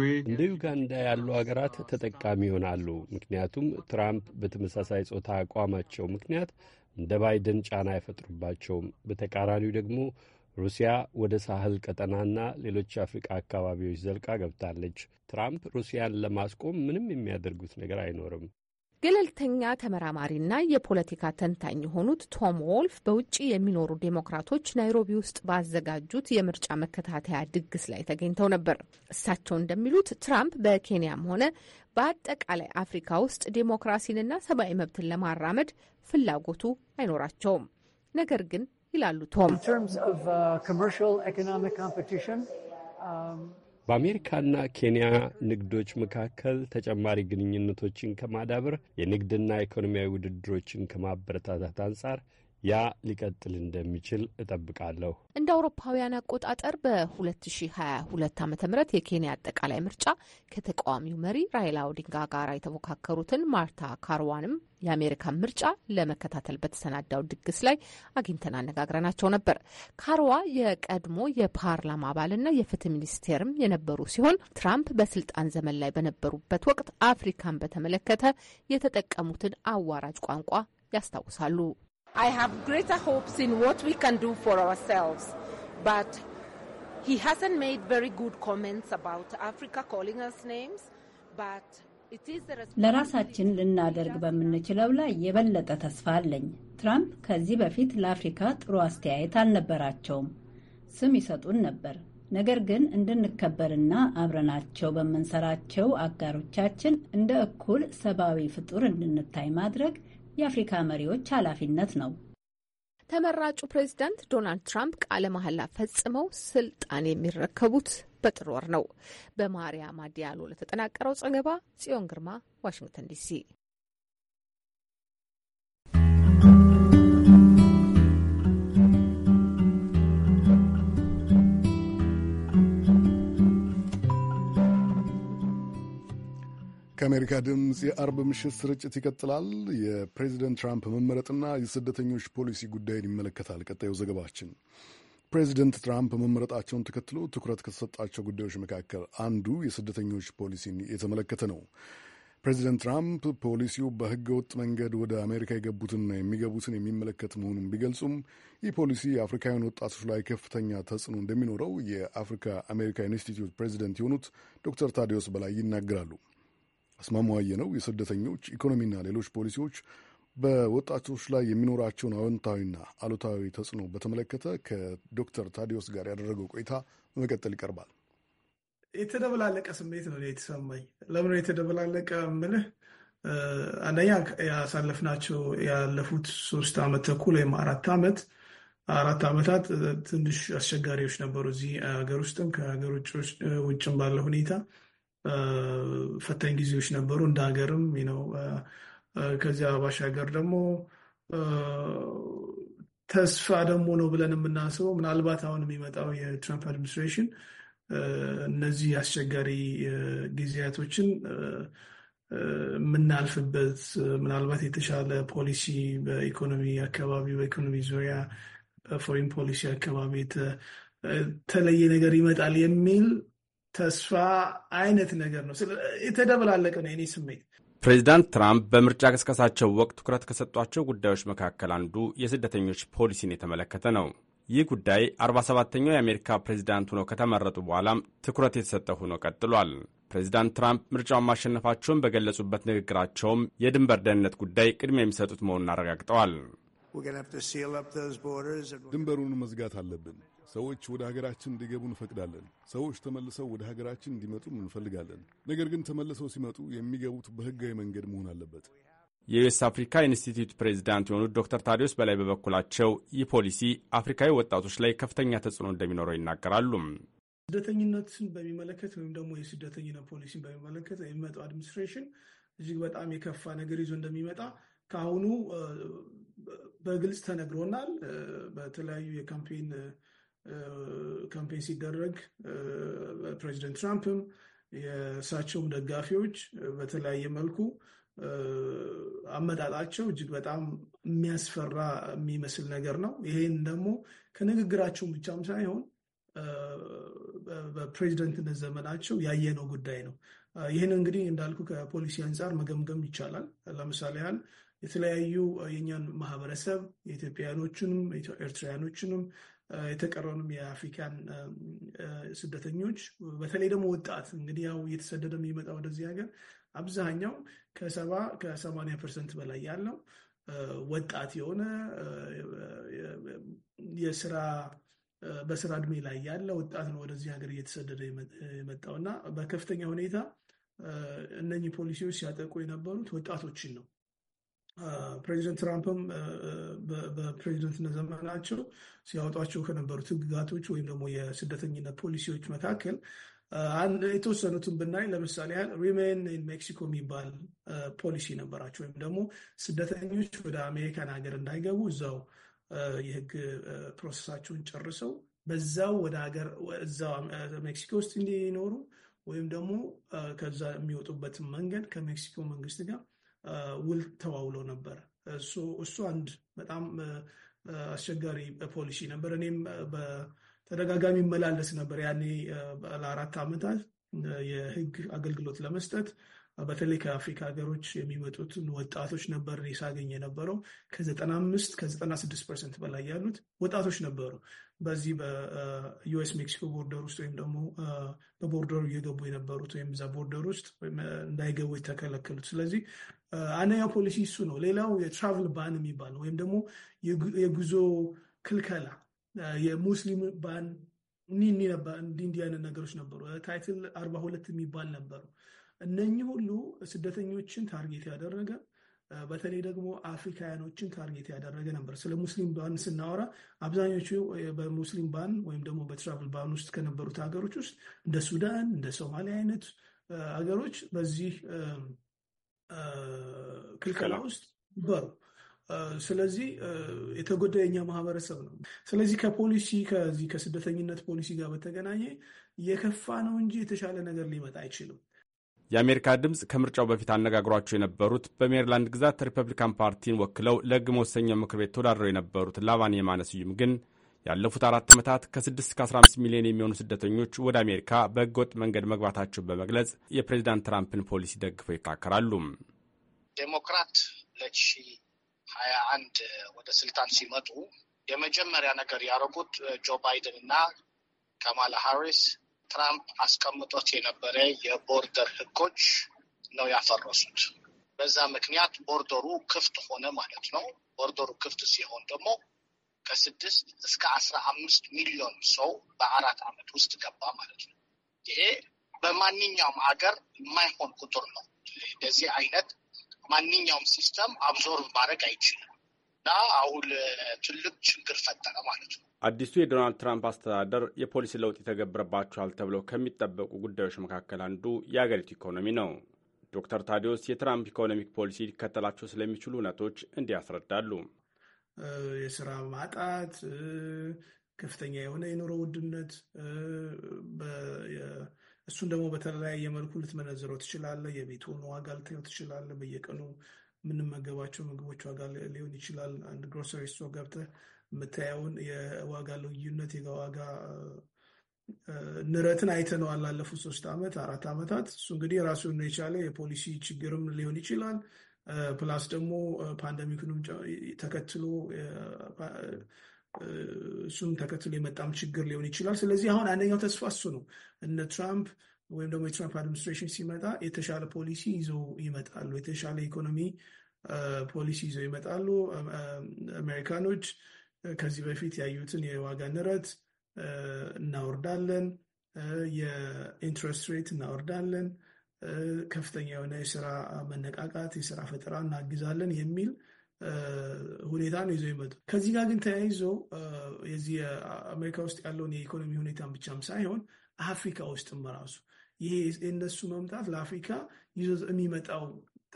ዩጋንዳ ያሉ ሀገራት ተጠቃሚ ይሆናሉ። ምክንያቱም ትራምፕ በተመሳሳይ ጾታ አቋማቸው ምክንያት እንደ ባይደን ጫና አይፈጥሩባቸውም። በተቃራኒው ደግሞ ሩሲያ ወደ ሳህል ቀጠናና ሌሎች የአፍሪቃ አካባቢዎች ዘልቃ ገብታለች። ትራምፕ ሩሲያን ለማስቆም ምንም የሚያደርጉት ነገር አይኖርም። ገለልተኛ ተመራማሪና የፖለቲካ ተንታኝ የሆኑት ቶም ዎልፍ በውጭ የሚኖሩ ዴሞክራቶች ናይሮቢ ውስጥ ባዘጋጁት የምርጫ መከታተያ ድግስ ላይ ተገኝተው ነበር። እሳቸው እንደሚሉት ትራምፕ በኬንያም ሆነ በአጠቃላይ አፍሪካ ውስጥ ዴሞክራሲንና ሰብአዊ መብትን ለማራመድ ፍላጎቱ አይኖራቸውም። ነገር ግን ይላሉ ቶም በአሜሪካና ኬንያ ንግዶች መካከል ተጨማሪ ግንኙነቶችን ከማዳበር የንግድና ኢኮኖሚያዊ ውድድሮችን ከማበረታታት አንጻር ያ ሊቀጥል እንደሚችል እጠብቃለሁ። እንደ አውሮፓውያን አቆጣጠር በ2022 ዓ ም የኬንያ አጠቃላይ ምርጫ ከተቃዋሚው መሪ ራይላ ኦዲንጋ ጋር የተፎካከሩትን ማርታ ካርዋንም የአሜሪካን ምርጫ ለመከታተል በተሰናዳው ድግስ ላይ አግኝተን አነጋግረናቸው ነበር። ካርዋ የቀድሞ የፓርላማ አባልና የፍትህ ሚኒስቴርም የነበሩ ሲሆን ትራምፕ በስልጣን ዘመን ላይ በነበሩበት ወቅት አፍሪካን በተመለከተ የተጠቀሙትን አዋራጅ ቋንቋ ያስታውሳሉ። ለራሳችን ልናደርግ በምንችለው ላይ የበለጠ ተስፋ አለኝ። ትራምፕ ከዚህ በፊት ለአፍሪካ ጥሩ አስተያየት አልነበራቸውም። ስም ይሰጡን ነበር። ነገር ግን እንድንከበርና አብረናቸው በምንሰራቸው አጋሮቻችን እንደ እኩል ሰብአዊ ፍጡር እንድንታይ ማድረግ የአፍሪካ መሪዎች ኃላፊነት ነው። ተመራጩ ፕሬዝዳንት ዶናልድ ትራምፕ ቃለ መሐላ ፈጽመው ስልጣን የሚረከቡት በጥር ወር ነው። በማሪያማ ዲያሎ ለተጠናቀረው ዘገባ ጽዮን ግርማ፣ ዋሽንግተን ዲሲ ከአሜሪካ ድምፅ የአርብ ምሽት ስርጭት ይቀጥላል። የፕሬዚደንት ትራምፕ መመረጥና የስደተኞች ፖሊሲ ጉዳይን ይመለከታል ቀጣዩ ዘገባችን። ፕሬዚደንት ትራምፕ መመረጣቸውን ተከትሎ ትኩረት ከተሰጣቸው ጉዳዮች መካከል አንዱ የስደተኞች ፖሊሲን የተመለከተ ነው። ፕሬዚደንት ትራምፕ ፖሊሲው በሕገ ወጥ መንገድ ወደ አሜሪካ የገቡትንና የሚገቡትን የሚመለከት መሆኑን ቢገልጹም ይህ ፖሊሲ የአፍሪካውያን ወጣቶች ላይ ከፍተኛ ተጽዕኖ እንደሚኖረው የአፍሪካ አሜሪካ ኢንስቲትዩት ፕሬዚደንት የሆኑት ዶክተር ታዲዮስ በላይ ይናገራሉ። አስማማዋየ ነው የስደተኞች ኢኮኖሚና ሌሎች ፖሊሲዎች በወጣቶች ላይ የሚኖራቸውን አዎንታዊና አሉታዊ ተጽዕኖ በተመለከተ ከዶክተር ታዲዮስ ጋር ያደረገው ቆይታ በመቀጠል ይቀርባል። የተደበላለቀ ስሜት ነው የተሰማኝ። ለምን የተደበላለቀ ምልህ አንደኛ ያሳለፍናቸው ያለፉት ሶስት ዓመት ተኩል ወይም አራት ዓመት አራት ዓመታት ትንሽ አስቸጋሪዎች ነበሩ። እዚህ ሀገር ውስጥም ከሀገር ውጭም ባለ ሁኔታ ፈታኝ ጊዜዎች ነበሩ እንደ ሀገርም ነው። uh, uh, ከዚያ ባሻገር ደግሞ uh, ተስፋ ደግሞ ነው ብለን የምናስበው ምናልባት አሁን የሚመጣው የትራምፕ አድሚኒስትሬሽን እነዚህ አስቸጋሪ ጊዜያቶችን የምናልፍበት ምናልባት የተሻለ ፖሊሲ በኢኮኖሚ አካባቢ በኢኮኖሚ ዙሪያ ፎሪን ፖሊሲ አካባቢ የተለየ ነገር ይመጣል የሚል ተስፋ አይነት ነገር ነው። የተደበላለቀ ነው የኔ ስሜት። ፕሬዚዳንት ትራምፕ በምርጫ ቅስቀሳቸው ወቅት ትኩረት ከሰጧቸው ጉዳዮች መካከል አንዱ የስደተኞች ፖሊሲን የተመለከተ ነው። ይህ ጉዳይ 47ኛው የአሜሪካ ፕሬዚዳንት ሆነው ከተመረጡ በኋላም ትኩረት የተሰጠ ሆኖ ቀጥሏል። ፕሬዚዳንት ትራምፕ ምርጫውን ማሸነፋቸውን በገለጹበት ንግግራቸውም የድንበር ደህንነት ጉዳይ ቅድሚያ የሚሰጡት መሆኑን አረጋግጠዋል። ድንበሩን መዝጋት አለብን ሰዎች ወደ ሀገራችን እንዲገቡ እንፈቅዳለን። ሰዎች ተመልሰው ወደ ሀገራችን እንዲመጡ እንፈልጋለን። ነገር ግን ተመልሰው ሲመጡ የሚገቡት በህጋዊ መንገድ መሆን አለበት። የዩኤስ አፍሪካ ኢንስቲትዩት ፕሬዚዳንት የሆኑት ዶክተር ታዲዮስ በላይ በበኩላቸው ይህ ፖሊሲ አፍሪካዊ ወጣቶች ላይ ከፍተኛ ተጽዕኖ እንደሚኖረው ይናገራሉ። ስደተኝነትን በሚመለከት ወይም ደግሞ የስደተኝነት ፖሊሲን በሚመለከት የሚመጣው አድሚኒስትሬሽን እጅግ በጣም የከፋ ነገር ይዞ እንደሚመጣ ከአሁኑ በግልጽ ተነግሮናል። በተለያዩ የካምፔን ካምፔን ሲደረግ ፕሬዚደንት ትራምፕም የእሳቸውም ደጋፊዎች በተለያየ መልኩ አመጣጣቸው እጅግ በጣም የሚያስፈራ የሚመስል ነገር ነው። ይሄን ደግሞ ከንግግራቸውን ብቻም ሳይሆን በፕሬዚደንትነት ዘመናቸው ያየነው ጉዳይ ነው። ይህን እንግዲህ እንዳልኩ ከፖሊሲ አንጻር መገምገም ይቻላል። ለምሳሌ ያህል የተለያዩ የእኛን ማህበረሰብ የኢትዮጵያውያኖችንም ኤርትራውያኖችንም የተቀረውንም የአፍሪካን ስደተኞች በተለይ ደግሞ ወጣት እንግዲህ ያው እየተሰደደ የሚመጣ ወደዚህ ሀገር አብዛኛው ከሰባ ከሰማኒያ ፐርሰንት በላይ ያለው ወጣት የሆነ የስራ በስራ እድሜ ላይ ያለ ወጣት ነው ወደዚህ ሀገር እየተሰደደ የመጣው እና በከፍተኛ ሁኔታ እነኚህ ፖሊሲዎች ሲያጠቁ የነበሩት ወጣቶችን ነው። ፕሬዚደንት ትራምፕም በፕሬዚደንትነት ዘመናቸው ሲያወጧቸው ከነበሩት ህግጋቶች ወይም ደግሞ የስደተኝነት ፖሊሲዎች መካከል የተወሰኑትን ብናይ ለምሳሌ ያህል ሪሜን ኢን ሜክሲኮ የሚባል ፖሊሲ ነበራቸው። ወይም ደግሞ ስደተኞች ወደ አሜሪካን ሀገር እንዳይገቡ እዛው የህግ ፕሮሰሳቸውን ጨርሰው በዛው ወደ ሀገር እዛው ሜክሲኮ ውስጥ እንዲኖሩ ወይም ደግሞ ከዛ የሚወጡበትን መንገድ ከሜክሲኮ መንግስት ጋር ውል ተዋውሎ ነበር። እሱ አንድ በጣም አስቸጋሪ ፖሊሲ ነበር። እኔም በተደጋጋሚ መላለስ ነበር ያኔ ለአራት ዓመታት የህግ አገልግሎት ለመስጠት በተለይ ከአፍሪካ ሀገሮች የሚመጡትን ወጣቶች ነበር ሳገኝ የነበረው ከዘጠና አምስት ከዘጠና ስድስት ፐርሰንት በላይ ያሉት ወጣቶች ነበሩ። በዚህ በዩኤስ ሜክሲኮ ቦርደር ውስጥ ወይም ደግሞ በቦርደሩ እየገቡ የነበሩት ወይም እዛ ቦርደር ውስጥ እንዳይገቡ የተከለከሉት። ስለዚህ አንደኛው ፖሊሲ እሱ ነው። ሌላው የትራቭል ባን የሚባል ነው ወይም ደግሞ የጉዞ ክልከላ የሙስሊም ባን እንዲህ እንዲህ አይነት ነገሮች ነበሩ። ታይትል አርባ ሁለት የሚባል ነበሩ። እነኚህ ሁሉ ስደተኞችን ታርጌት ያደረገ በተለይ ደግሞ አፍሪካውያኖችን ታርጌት ያደረገ ነበር። ስለ ሙስሊም ባን ስናወራ አብዛኞቹ በሙስሊም ባን ወይም ደግሞ በትራቭል ባን ውስጥ ከነበሩት ሀገሮች ውስጥ እንደ ሱዳን፣ እንደ ሶማሊያ አይነት ሀገሮች በዚህ ክልከላ ውስጥ ነበሩ። ስለዚህ የተጎዳ የኛ ማህበረሰብ ነው። ስለዚህ ከፖሊሲ ከዚህ ከስደተኝነት ፖሊሲ ጋር በተገናኘ የከፋ ነው እንጂ የተሻለ ነገር ሊመጣ አይችልም። የአሜሪካ ድምፅ ከምርጫው በፊት አነጋግሯቸው የነበሩት በሜሪላንድ ግዛት ሪፐብሊካን ፓርቲን ወክለው ለሕግ መወሰኛው ምክር ቤት ተወዳድረው የነበሩት ላቫን የማነ ስዩም ግን ያለፉት አራት ዓመታት ከ6 እስከ 15 ሚሊዮን የሚሆኑ ስደተኞች ወደ አሜሪካ በህገወጥ መንገድ መግባታቸውን በመግለጽ የፕሬዚዳንት ትራምፕን ፖሊሲ ደግፈው ይካከራሉ። ዴሞክራት ሁለት ወደ ስልጣን ሲመጡ የመጀመሪያ ነገር ያደረጉት ጆ ባይደን እና ካማላ ሃሪስ ትራምፕ አስቀምጦት የነበረ የቦርደር ህጎች ነው ያፈረሱት። በዛ ምክንያት ቦርደሩ ክፍት ሆነ ማለት ነው። ቦርደሩ ክፍት ሲሆን ደግሞ ከስድስት እስከ አስራ አምስት ሚሊዮን ሰው በአራት ዓመት ውስጥ ገባ ማለት ነው። ይሄ በማንኛውም ሀገር የማይሆን ቁጥር ነው። እንደዚህ አይነት ማንኛውም ሲስተም አብዞርቭ ማድረግ አይችልም እና አሁን ትልቅ ችግር ፈጠረ ማለት ነው። አዲሱ የዶናልድ ትራምፕ አስተዳደር የፖሊሲ ለውጥ የተገበረባቸዋል ተብለው ከሚጠበቁ ጉዳዮች መካከል አንዱ የአገሪቱ ኢኮኖሚ ነው። ዶክተር ታዲዮስ የትራምፕ ኢኮኖሚክ ፖሊሲ ሊከተላቸው ስለሚችሉ እውነቶች እንዲህ ያስረዳሉ። የስራ ማጣት፣ ከፍተኛ የሆነ የኑሮ ውድነት፣ እሱን ደግሞ በተለያየ መልኩ ልትመነዝረው ትችላለህ። የቤቱን ዋጋ ልታየው ትችላለህ። በየቀኑ የምንመገባቸው ምግቦች ዋጋ ሊሆን ይችላል። አንድ ግሮሰሪ ስቶር ገብተህ የምታየውን የዋጋ ልዩነት የዋጋ ንረትን አይተነዋል ላለፉት ሶስት ዓመት አራት ዓመታት። እሱ እንግዲህ ራሱን የቻለ የፖሊሲ ችግርም ሊሆን ይችላል። ፕላስ ደግሞ ፓንደሚክንም ተከትሎ እሱም ተከትሎ የመጣም ችግር ሊሆን ይችላል። ስለዚህ አሁን አንደኛው ተስፋ እሱ ነው። እነ ትራምፕ ወይም ደግሞ የትራምፕ አድሚኒስትሬሽን ሲመጣ የተሻለ ፖሊሲ ይዘው ይመጣሉ። የተሻለ ኢኮኖሚ ፖሊሲ ይዘው ይመጣሉ። አሜሪካኖች ከዚህ በፊት ያዩትን የዋጋ ንረት እናወርዳለን፣ የኢንትረስት ሬት እናወርዳለን፣ ከፍተኛ የሆነ የስራ መነቃቃት፣ የስራ ፈጠራ እናግዛለን የሚል ሁኔታ ነው ይዘው ይመጡ። ከዚህ ጋር ግን ተያይዞ የዚህ አሜሪካ ውስጥ ያለውን የኢኮኖሚ ሁኔታን ብቻም ሳይሆን አፍሪካ ውስጥም ራሱ ይሄ የእነሱ መምጣት ለአፍሪካ ይዞ የሚመጣው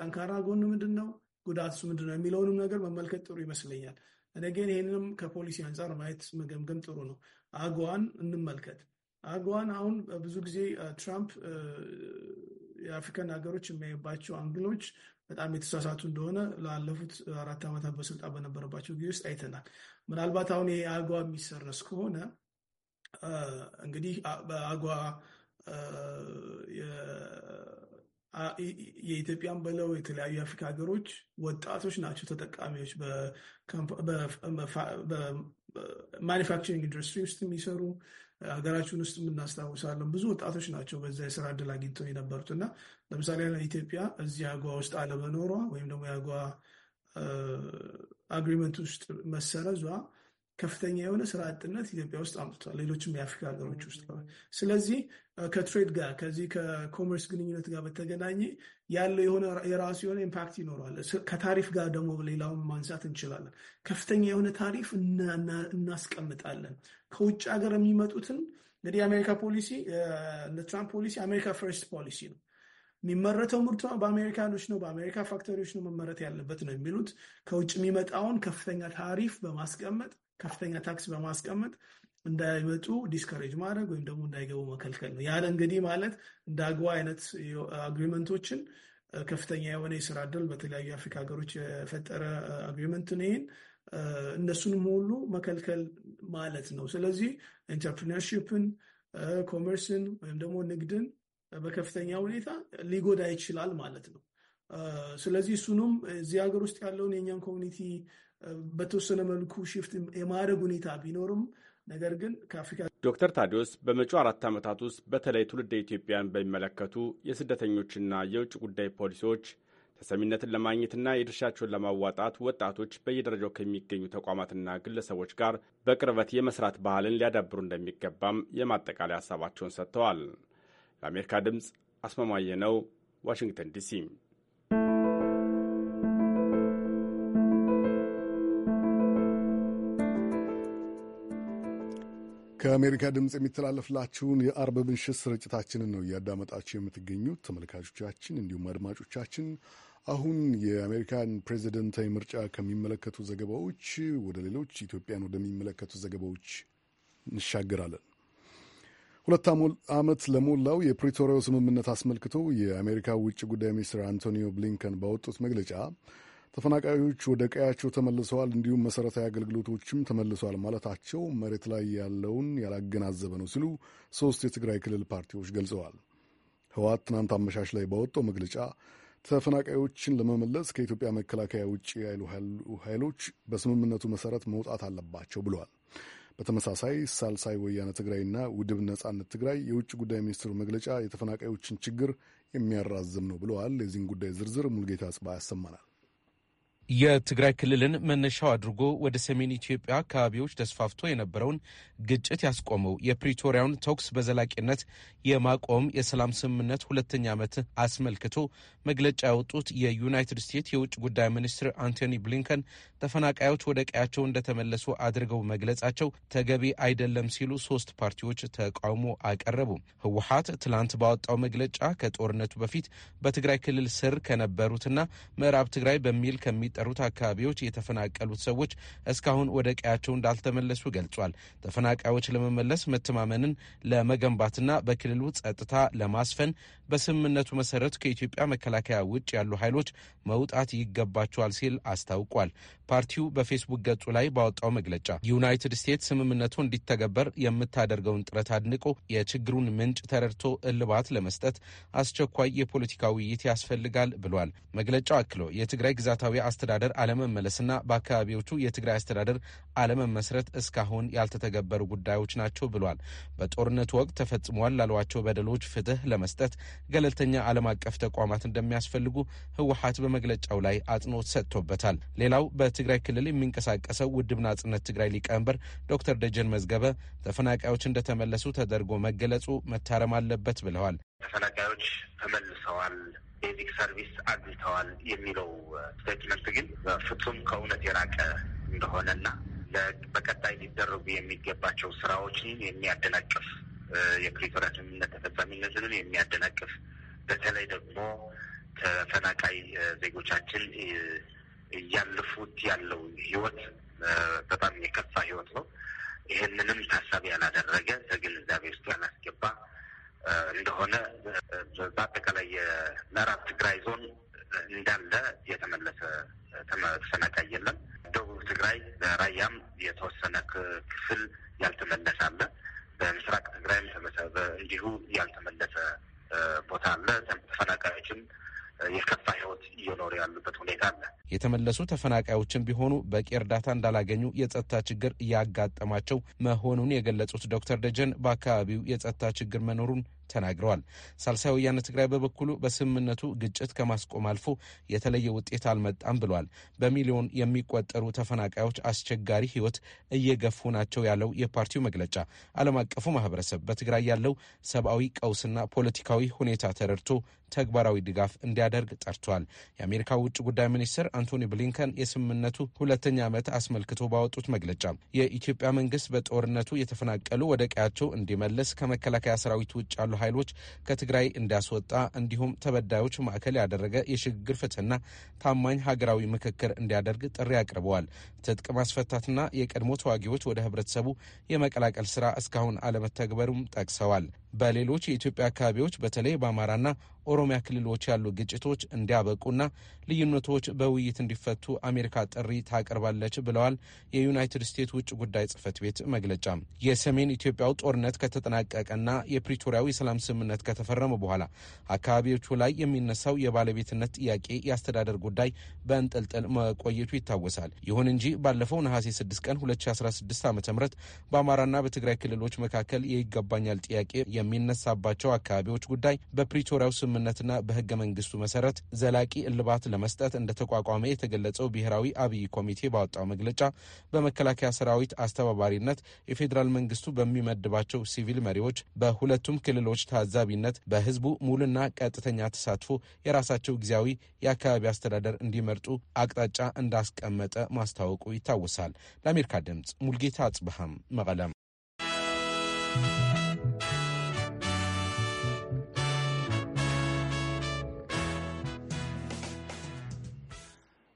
ጠንካራ ጎን ምንድን ነው፣ ጉዳቱ ምንድን ነው የሚለውንም ነገር መመልከት ጥሩ ይመስለኛል። እኔ ግን ይህንንም ከፖሊሲ አንጻር ማየት መገምገም ጥሩ ነው። አግዋን እንመልከት። አግዋን አሁን ብዙ ጊዜ ትራምፕ የአፍሪካን ሀገሮች የሚያይባቸው አንግሎች በጣም የተሳሳቱ እንደሆነ ላለፉት አራት ዓመታት በስልጣን በነበረባቸው ጊዜ ውስጥ አይተናል። ምናልባት አሁን ይሄ አግዋ የሚሰረስ ከሆነ እንግዲህ በአጓ የኢትዮጵያን በለው የተለያዩ የአፍሪካ ሀገሮች ወጣቶች ናቸው ተጠቃሚዎች። በማኒፋክቸሪንግ ኢንዱስትሪ ውስጥ የሚሰሩ ሀገራችን ውስጥ የምናስታውሳለን ብዙ ወጣቶች ናቸው በዛ የስራ እድል አግኝተው የነበሩት እና ለምሳሌ ኢትዮጵያ እዚህ አጓ ውስጥ አለመኖሯ ወይም ደግሞ የአጓ አግሪመንት ውስጥ መሰረዟ ከፍተኛ የሆነ ስራ አጥነት ኢትዮጵያ ውስጥ አምጥቷል፣ ሌሎችም የአፍሪካ ሀገሮች ውስጥ። ስለዚህ ከትሬድ ጋር ከዚህ ከኮመርስ ግንኙነት ጋር በተገናኘ ያለው የሆነ የራሱ የሆነ ኢምፓክት ይኖረዋል። ከታሪፍ ጋር ደግሞ ሌላውን ማንሳት እንችላለን። ከፍተኛ የሆነ ታሪፍ እናስቀምጣለን። ከውጭ ሀገር የሚመጡትን እንግዲህ የአሜሪካ ፖሊሲ ትራምፕ ፖሊሲ አሜሪካ ፈርስት ፖሊሲ ነው። የሚመረተው ምርት በአሜሪካኖች ነው፣ በአሜሪካ ፋክተሪዎች ነው መመረት ያለበት ነው የሚሉት። ከውጭ የሚመጣውን ከፍተኛ ታሪፍ በማስቀመጥ ከፍተኛ ታክስ በማስቀመጥ እንዳይመጡ ዲስከሬጅ ማድረግ ወይም ደግሞ እንዳይገቡ መከልከል ነው። ያለ እንግዲህ ማለት እንደ አግዋ አይነት አግሪመንቶችን ከፍተኛ የሆነ የስራ እድል በተለያዩ የአፍሪካ ሀገሮች የፈጠረ አግሪመንትን ይህን እነሱንም ሁሉ መከልከል ማለት ነው። ስለዚህ ኢንተርፕሪነርሽፕን ኮሜርስን ወይም ደግሞ ንግድን በከፍተኛ ሁኔታ ሊጎዳ ይችላል ማለት ነው። ስለዚህ እሱንም እዚህ ሀገር ውስጥ ያለውን የእኛን ኮሚኒቲ በተወሰነ መልኩ ሽፍት የማድረግ ሁኔታ ቢኖርም ነገር ግን ከአፍሪካ ዶክተር ታዲዮስ በመጪው አራት ዓመታት ውስጥ በተለይ ትውልደ ኢትዮጵያን በሚመለከቱ የስደተኞችና የውጭ ጉዳይ ፖሊሲዎች ተሰሚነትን ለማግኘትና የድርሻቸውን ለማዋጣት ወጣቶች በየደረጃው ከሚገኙ ተቋማትና ግለሰቦች ጋር በቅርበት የመስራት ባህልን ሊያዳብሩ እንደሚገባም የማጠቃለያ ሀሳባቸውን ሰጥተዋል። ለአሜሪካ ድምፅ አስማማየ ነው፣ ዋሽንግተን ዲሲ። ከአሜሪካ ድምፅ የሚተላለፍላችሁን የአርብ ምሽት ስርጭታችንን ነው እያዳመጣችሁ የምትገኙት ተመልካቾቻችን፣ እንዲሁም አድማጮቻችን። አሁን የአሜሪካን ፕሬዚደንታዊ ምርጫ ከሚመለከቱ ዘገባዎች ወደ ሌሎች ኢትዮጵያን ወደሚመለከቱ ዘገባዎች እንሻገራለን። ሁለት ዓመት ለሞላው የፕሪቶሪያው ስምምነት አስመልክቶ የአሜሪካ ውጭ ጉዳይ ሚኒስትር አንቶኒዮ ብሊንከን ባወጡት መግለጫ ተፈናቃዮች ወደ ቀያቸው ተመልሰዋል፣ እንዲሁም መሠረታዊ አገልግሎቶችም ተመልሰዋል ማለታቸው መሬት ላይ ያለውን ያላገናዘበ ነው ሲሉ ሦስት የትግራይ ክልል ፓርቲዎች ገልጸዋል። ህወሓት ትናንት አመሻሽ ላይ ባወጣው መግለጫ ተፈናቃዮችን ለመመለስ ከኢትዮጵያ መከላከያ ውጭ ያሉ ኃይሎች በስምምነቱ መሠረት መውጣት አለባቸው ብለዋል። በተመሳሳይ ሳልሳይ ወያነ ትግራይና ውድብ ነጻነት ትግራይ የውጭ ጉዳይ ሚኒስትሩ መግለጫ የተፈናቃዮችን ችግር የሚያራዝም ነው ብለዋል። የዚህን ጉዳይ ዝርዝር ሙልጌታ ጽባ ያሰማናል። የትግራይ ክልልን መነሻው አድርጎ ወደ ሰሜን ኢትዮጵያ አካባቢዎች ተስፋፍቶ የነበረውን ግጭት ያስቆመው የፕሪቶሪያውን ተኩስ በዘላቂነት የማቆም የሰላም ስምምነት ሁለተኛ ዓመት አስመልክቶ መግለጫ ያወጡት የዩናይትድ ስቴትስ የውጭ ጉዳይ ሚኒስትር አንቶኒ ብሊንከን ተፈናቃዮች ወደ ቀያቸው እንደተመለሱ አድርገው መግለጻቸው ተገቢ አይደለም ሲሉ ሶስት ፓርቲዎች ተቃውሞ አቀረቡ። ህወሀት ትላንት ባወጣው መግለጫ ከጦርነቱ በፊት በትግራይ ክልል ስር ከነበሩትና ምዕራብ ትግራይ በሚል ከሚ ከሚጠሩት አካባቢዎች የተፈናቀሉት ሰዎች እስካሁን ወደ ቀያቸው እንዳልተመለሱ ገልጿል። ተፈናቃዮች ለመመለስ መተማመንን ለመገንባትና በክልሉ ጸጥታ ለማስፈን በስምምነቱ መሰረት ከኢትዮጵያ መከላከያ ውጭ ያሉ ኃይሎች መውጣት ይገባቸዋል ሲል አስታውቋል። ፓርቲው በፌስቡክ ገጹ ላይ ባወጣው መግለጫ ዩናይትድ ስቴትስ ስምምነቱ እንዲተገበር የምታደርገውን ጥረት አድንቆ የችግሩን ምንጭ ተረድቶ እልባት ለመስጠት አስቸኳይ የፖለቲካ ውይይት ያስፈልጋል ብሏል። መግለጫው አክሎ የትግራይ ግዛታዊ አስተዳደር አለመመለስና በአካባቢዎቹ የትግራይ አስተዳደር አለመመስረት እስካሁን ያልተተገበሩ ጉዳዮች ናቸው ብሏል። በጦርነቱ ወቅት ተፈጽሟል ላሏቸው በደሎች ፍትህ ለመስጠት ገለልተኛ ዓለም አቀፍ ተቋማት እንደሚያስፈልጉ ህወሀት በመግለጫው ላይ አጽንኦት ሰጥቶበታል። ሌላው በ ትግራይ ክልል የሚንቀሳቀሰው ውድብ ናጽነት ትግራይ ሊቀመንበር ዶክተር ደጀን መዝገበ ተፈናቃዮች እንደተመለሱ ተደርጎ መገለጹ መታረም አለበት ብለዋል። ተፈናቃዮች ተመልሰዋል፣ ቤዚክ ሰርቪስ አግኝተዋል የሚለው ስቴትመንት ግን ፍጹም ከእውነት የራቀ እንደሆነና በቀጣይ ሊደረጉ የሚገባቸው ስራዎችን የሚያደናቅፍ የፕሪቶሪያ ስምምነት ተፈጻሚነትንም የሚያደናቅፍ በተለይ ደግሞ ተፈናቃይ ዜጎቻችን እያለፉት ያለው ህይወት በጣም የከፋ ህይወት ነው። ይህንንም ታሳቢ ያላደረገ ከግንዛቤ ውስጥ ያላስገባ እንደሆነ በአጠቃላይ የምዕራብ ትግራይ ዞን እንዳለ የተመለሰ ተፈናቃይ የለም። ደቡብ ትግራይ በራያም የተወሰነ ክፍል ያልተመለሰ አለ። በምስራቅ ትግራይም እንዲሁ ያልተመለሰ ቦታ አለ። ተፈናቃዮችም የከፋ ህይወት እየኖሩ ያሉበት ሁኔታ አለ። የተመለሱ ተፈናቃዮችን ቢሆኑ በቂ እርዳታ እንዳላገኙ የጸጥታ ችግር እያጋጠማቸው መሆኑን የገለጹት ዶክተር ደጀን በአካባቢው የጸጥታ ችግር መኖሩን ተናግረዋል። ሳልሳይ ወያነ ትግራይ በበኩሉ በስምምነቱ ግጭት ከማስቆም አልፎ የተለየ ውጤት አልመጣም ብሏል። በሚሊዮን የሚቆጠሩ ተፈናቃዮች አስቸጋሪ ህይወት እየገፉ ናቸው ያለው የፓርቲው መግለጫ ዓለም አቀፉ ማህበረሰብ በትግራይ ያለው ሰብአዊ ቀውስና ፖለቲካዊ ሁኔታ ተረድቶ ተግባራዊ ድጋፍ እንዲያደርግ ጠርቷል። የአሜሪካ ውጭ ጉዳይ ሚኒስትር አንቶኒ ብሊንከን የስምምነቱ ሁለተኛ ዓመት አስመልክቶ ባወጡት መግለጫ የኢትዮጵያ መንግስት በጦርነቱ የተፈናቀሉ ወደ ቀያቸው እንዲመልስ ከመከላከያ ሰራዊት ውጭ ያሉ ኃይሎች ከትግራይ እንዲያስወጣ እንዲሁም ተበዳዮች ማዕከል ያደረገ የሽግግር ፍትህና ታማኝ ሀገራዊ ምክክር እንዲያደርግ ጥሪ አቅርበዋል። ትጥቅ ማስፈታትና የቀድሞ ተዋጊዎች ወደ ህብረተሰቡ የመቀላቀል ስራ እስካሁን አለመተግበሩም ጠቅሰዋል። በሌሎች የኢትዮጵያ አካባቢዎች በተለይ በአማራና ኦሮሚያ ክልሎች ያሉ ግጭቶች እንዲያበቁና ልዩነቶች በውይይት እንዲፈቱ አሜሪካ ጥሪ ታቀርባለች ብለዋል የዩናይትድ ስቴትስ ውጭ ጉዳይ ጽህፈት ቤት መግለጫ። የሰሜን ኢትዮጵያው ጦርነት ከተጠናቀቀና የፕሪቶሪያው የሰላም ስምምነት ከተፈረመ በኋላ አካባቢዎቹ ላይ የሚነሳው የባለቤትነት ጥያቄ የአስተዳደር ጉዳይ በእንጥልጥል መቆየቱ ይታወሳል። ይሁን እንጂ ባለፈው ነሐሴ 6 ቀን 2016 ዓ ም በአማራና በትግራይ ክልሎች መካከል የይገባኛል ጥያቄ የሚነሳባቸው አካባቢዎች ጉዳይ በፕሪቶሪያው ስምምነትና በህገ መንግስቱ መሰረት ዘላቂ እልባት ለመስጠት እንደተቋቋመ የተገለጸው ብሔራዊ አብይ ኮሚቴ ባወጣው መግለጫ በመከላከያ ሰራዊት አስተባባሪነት የፌዴራል መንግስቱ በሚመድባቸው ሲቪል መሪዎች በሁለቱም ክልሎች ታዛቢነት በህዝቡ ሙሉና ቀጥተኛ ተሳትፎ የራሳቸው ጊዜያዊ የአካባቢ አስተዳደር እንዲመርጡ አቅጣጫ እንዳስቀመጠ ማስታወቁ ይታወሳል። ለአሜሪካ ድምፅ ሙልጌታ አጽብሃም መቀለም